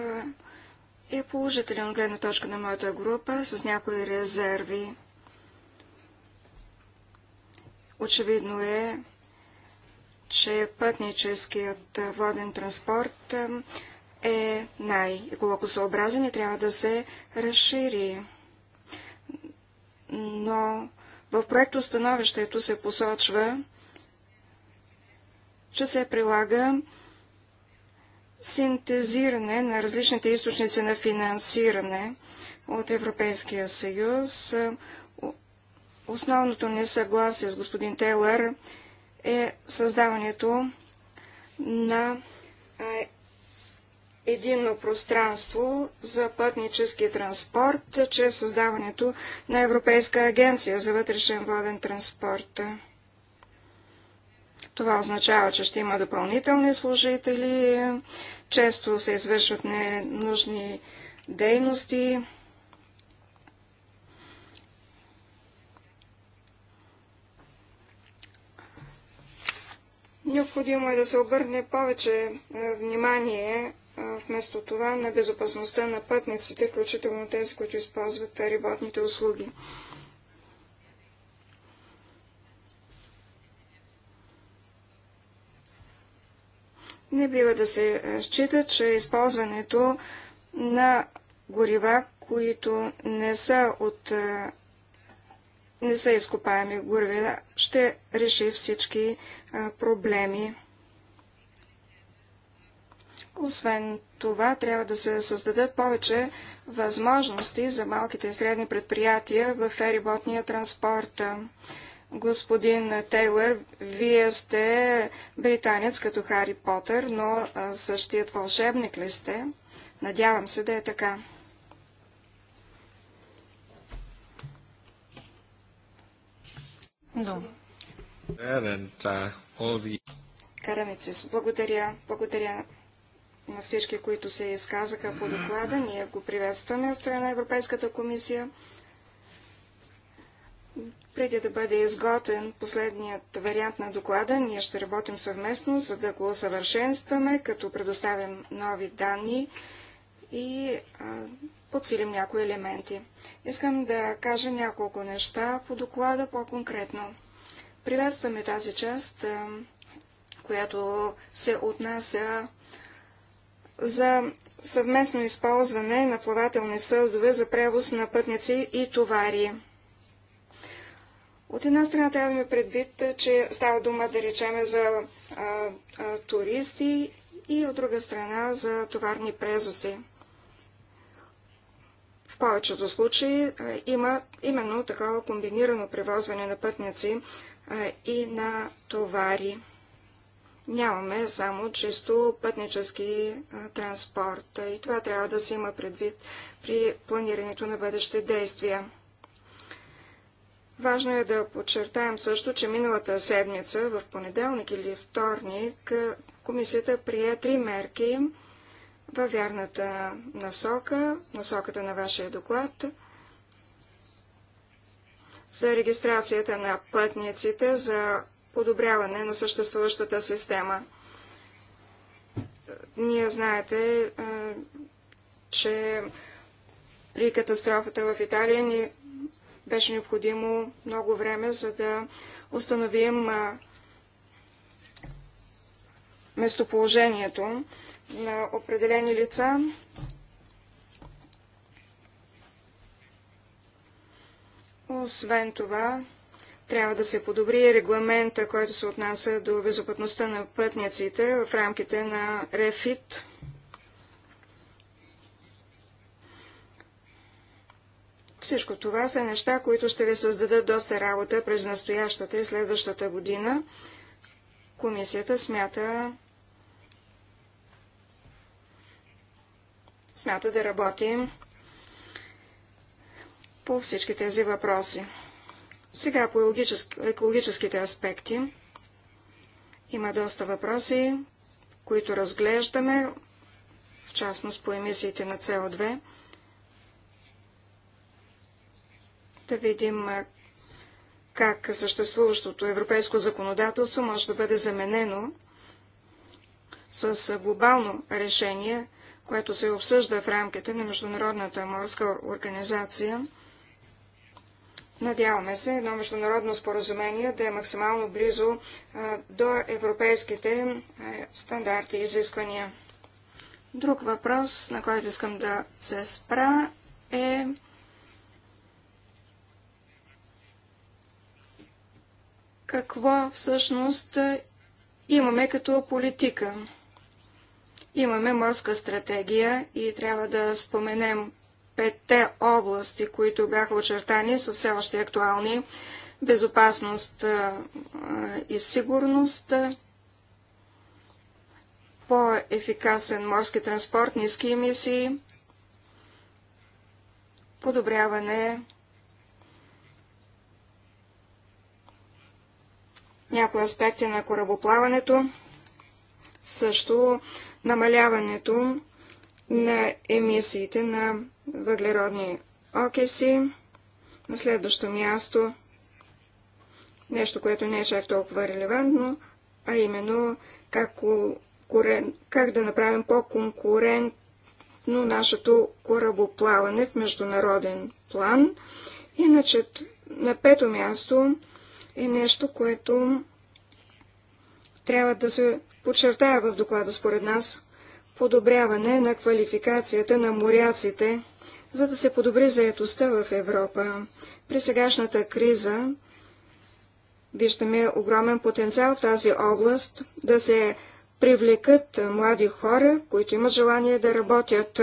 е положителен от гледна точка на моята група, с някои резерви. Очевидно е, че пътническият воден транспорт е най-екологосъобразен и трябва да се разшири. Но в проекто становището се посочва, че се прилага синтезиране на различните източници на финансиране от Европейския съюз. Основното несъгласие с господин Тейлър е създаването на единно пространство за пътнически транспорт, чрез създаването на Европейска агенция за вътрешен воден транспорт. Това означава, че ще има допълнителни служители, често се извършват ненужни дейности. Необходимо е да се обърне повече е, внимание е, вместо това на безопасността на пътниците, включително тези, които използват фериботните услуги. Не бива да се е, счита, че използването на горива, които не са от е, не са изкопаеми горива, ще реши всички е, проблеми. Освен това, трябва да се създадат повече възможности за малките и средни предприятия в фериботния транспорт. Господин Тейлър, вие сте британец като Хари Потър, но същият вълшебник ли сте? Надявам се да е така. Uh, Карамицис, благодаря. Благодаря на всички, които се изказаха по доклада. Ние го приветстваме от страна на Европейската комисия. Преди да бъде изготвен последният вариант на доклада, ние ще работим съвместно, за да го усъвършенстваме, като предоставим нови данни и а, подсилим някои елементи. Искам да кажа няколко неща по доклада по-конкретно. Приветстваме тази част, а, която се отнася за съвместно използване на плавателни съдове за превоз на пътници и товари. От една страна трябва да ме предвид, че става дума, да речеме, за а, а, туристи и от друга страна за товарни презости. В повечето случаи а, има именно такова комбинирано превозване на пътници а, и на товари. Нямаме само чисто пътнически а, транспорт и това трябва да се има предвид при планирането на бъдещи действия. Важно е да подчертаем също, че миналата седмица, в понеделник или вторник, комисията прие три мерки във вярната насока, насоката на вашия доклад, за регистрацията на пътниците, за подобряване на съществуващата система. Ние знаете, че при катастрофата в Италия ни беше необходимо много време, за да установим местоположението на определени лица. Освен това, трябва да се подобри регламента, който се отнася до безопътността на пътниците в рамките на РЕФИТ. Всичко това са неща, които ще ви създадат доста работа през настоящата и следващата година. Комисията смята, смята да работим по всички тези въпроси. Сега по екологическите аспекти има доста въпроси, които разглеждаме, в частност по емисиите на СО2. да видим как съществуващото европейско законодателство може да бъде заменено с глобално решение, което се обсъжда в рамките на Международната морска организация. Надяваме се едно международно споразумение да е максимално близо до европейските стандарти и изисквания. Друг въпрос, на който искам да се спра, е какво всъщност е, имаме като политика. Имаме морска стратегия и трябва да споменем петте области, които бяха очертани, са все още актуални. Безопасност е, е, и сигурност, по-ефикасен морски транспорт, ниски емисии, подобряване някои аспекти на корабоплаването, също намаляването на емисиите на въглеродни окиси. На следващо място нещо, което не е чак толкова релевантно, а именно как, конкурен... как да направим по-конкурентно нашето корабоплаване в международен план. И на, чет... на пето място е нещо, което трябва да се подчертая в доклада според нас. Подобряване на квалификацията на моряците, за да се подобри заетостта в Европа. При сегашната криза виждаме огромен потенциал в тази област да се привлекат млади хора, които имат желание да работят.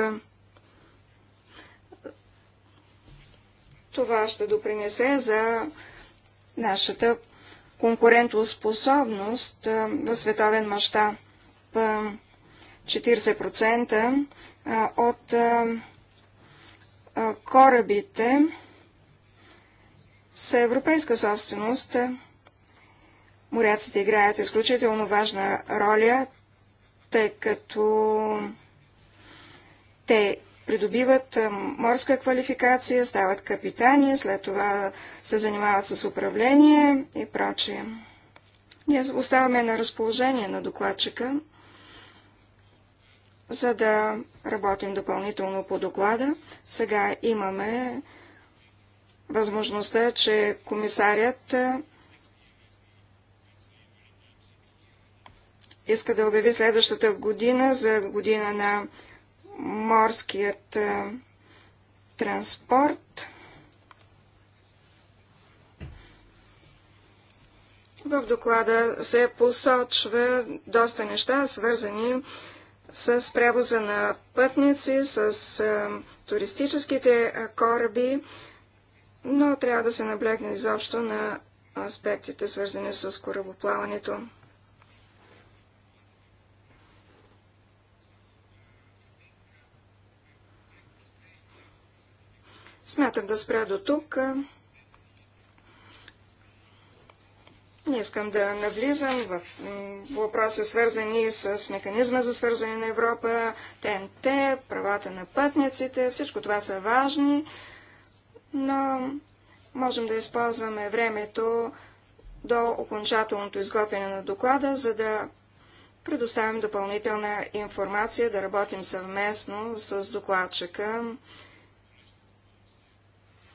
Това ще допринесе за нашата конкурентоспособност в световен мащаб. 40% от корабите са европейска собственост. Моряците играят изключително важна роля, тъй като те придобиват е, морска квалификация, стават капитани, след това се занимават с управление и прочие. Ние оставаме на разположение на докладчика, за да работим допълнително по доклада. Сега имаме възможността, че комисарят е, иска да обяви следващата година за година на морският е, транспорт. В доклада се посочва доста неща, свързани с превоза на пътници, с е, туристическите е, кораби, но трябва да се наблегне изобщо на аспектите, свързани с корабоплаването. Смятам да спря до тук. Не искам да навлизам в въпроси, свързани с механизма за свързване на Европа, ТНТ, правата на пътниците. Всичко това са важни, но можем да използваме времето до окончателното изготвяне на доклада, за да предоставим допълнителна информация, да работим съвместно с докладчика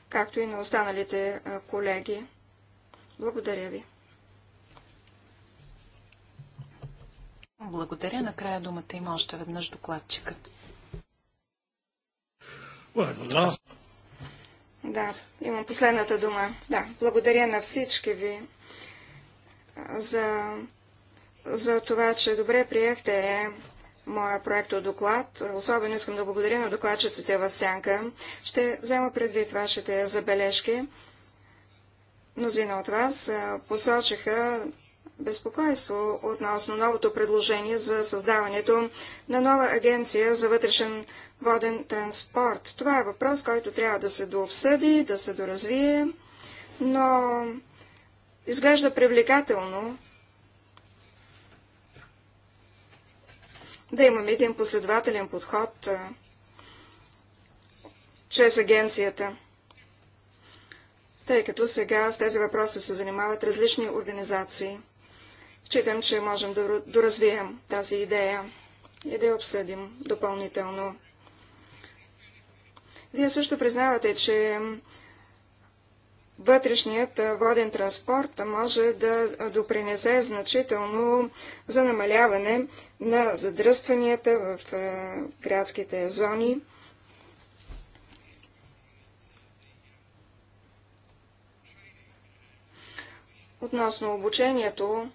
както и на останалите колеги. Благодаря ви. Благодаря. Накрая думата има още веднъж докладчикът. Да, имам последната дума. Да, благодаря на всички ви за, за това, че добре приехте е, моя доклад. Особено искам да благодаря на докладчиците в Сянка. Ще взема предвид вашите забележки. Мнозина от вас посочиха безпокойство относно новото предложение за създаването на нова агенция за вътрешен воден транспорт. Това е въпрос, който трябва да се дообсъди, да се доразвие, но изглежда привлекателно да имаме един последователен подход а, чрез агенцията. Тъй като сега с тези въпроси се занимават различни организации, считам, че можем да доразвием тази идея и да я обсъдим допълнително. Вие също признавате, че вътрешният воден транспорт може да допринесе значително за намаляване на задръстванията в градските зони. Относно обучението,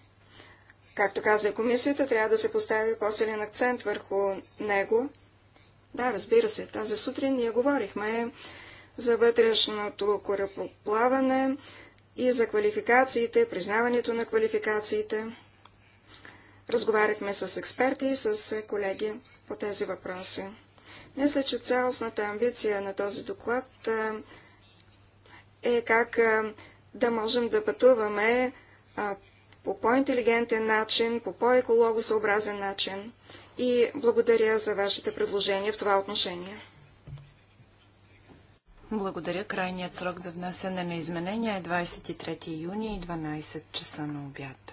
както каза комисията, трябва да се постави по-силен акцент върху него. Да, разбира се, тази сутрин ние говорихме за вътрешното корабоплаване и за квалификациите, признаването на квалификациите. Разговаряхме с експерти и с колеги по тези въпроси. Мисля, че цялостната амбиция на този доклад е как да можем да пътуваме по по-интелигентен начин, по по-екологосъобразен начин. И благодаря за вашите предложения в това отношение. Благодаря. Крайният срок за внасяне на изменения е 23 юни и 12 часа на обяд.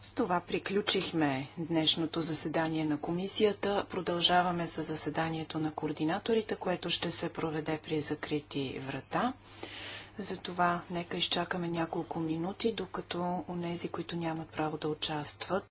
С това приключихме днешното заседание на комисията. Продължаваме с заседанието на координаторите, което ще се проведе при закрити врата. Затова нека изчакаме няколко минути, докато нези, които нямат право да участват,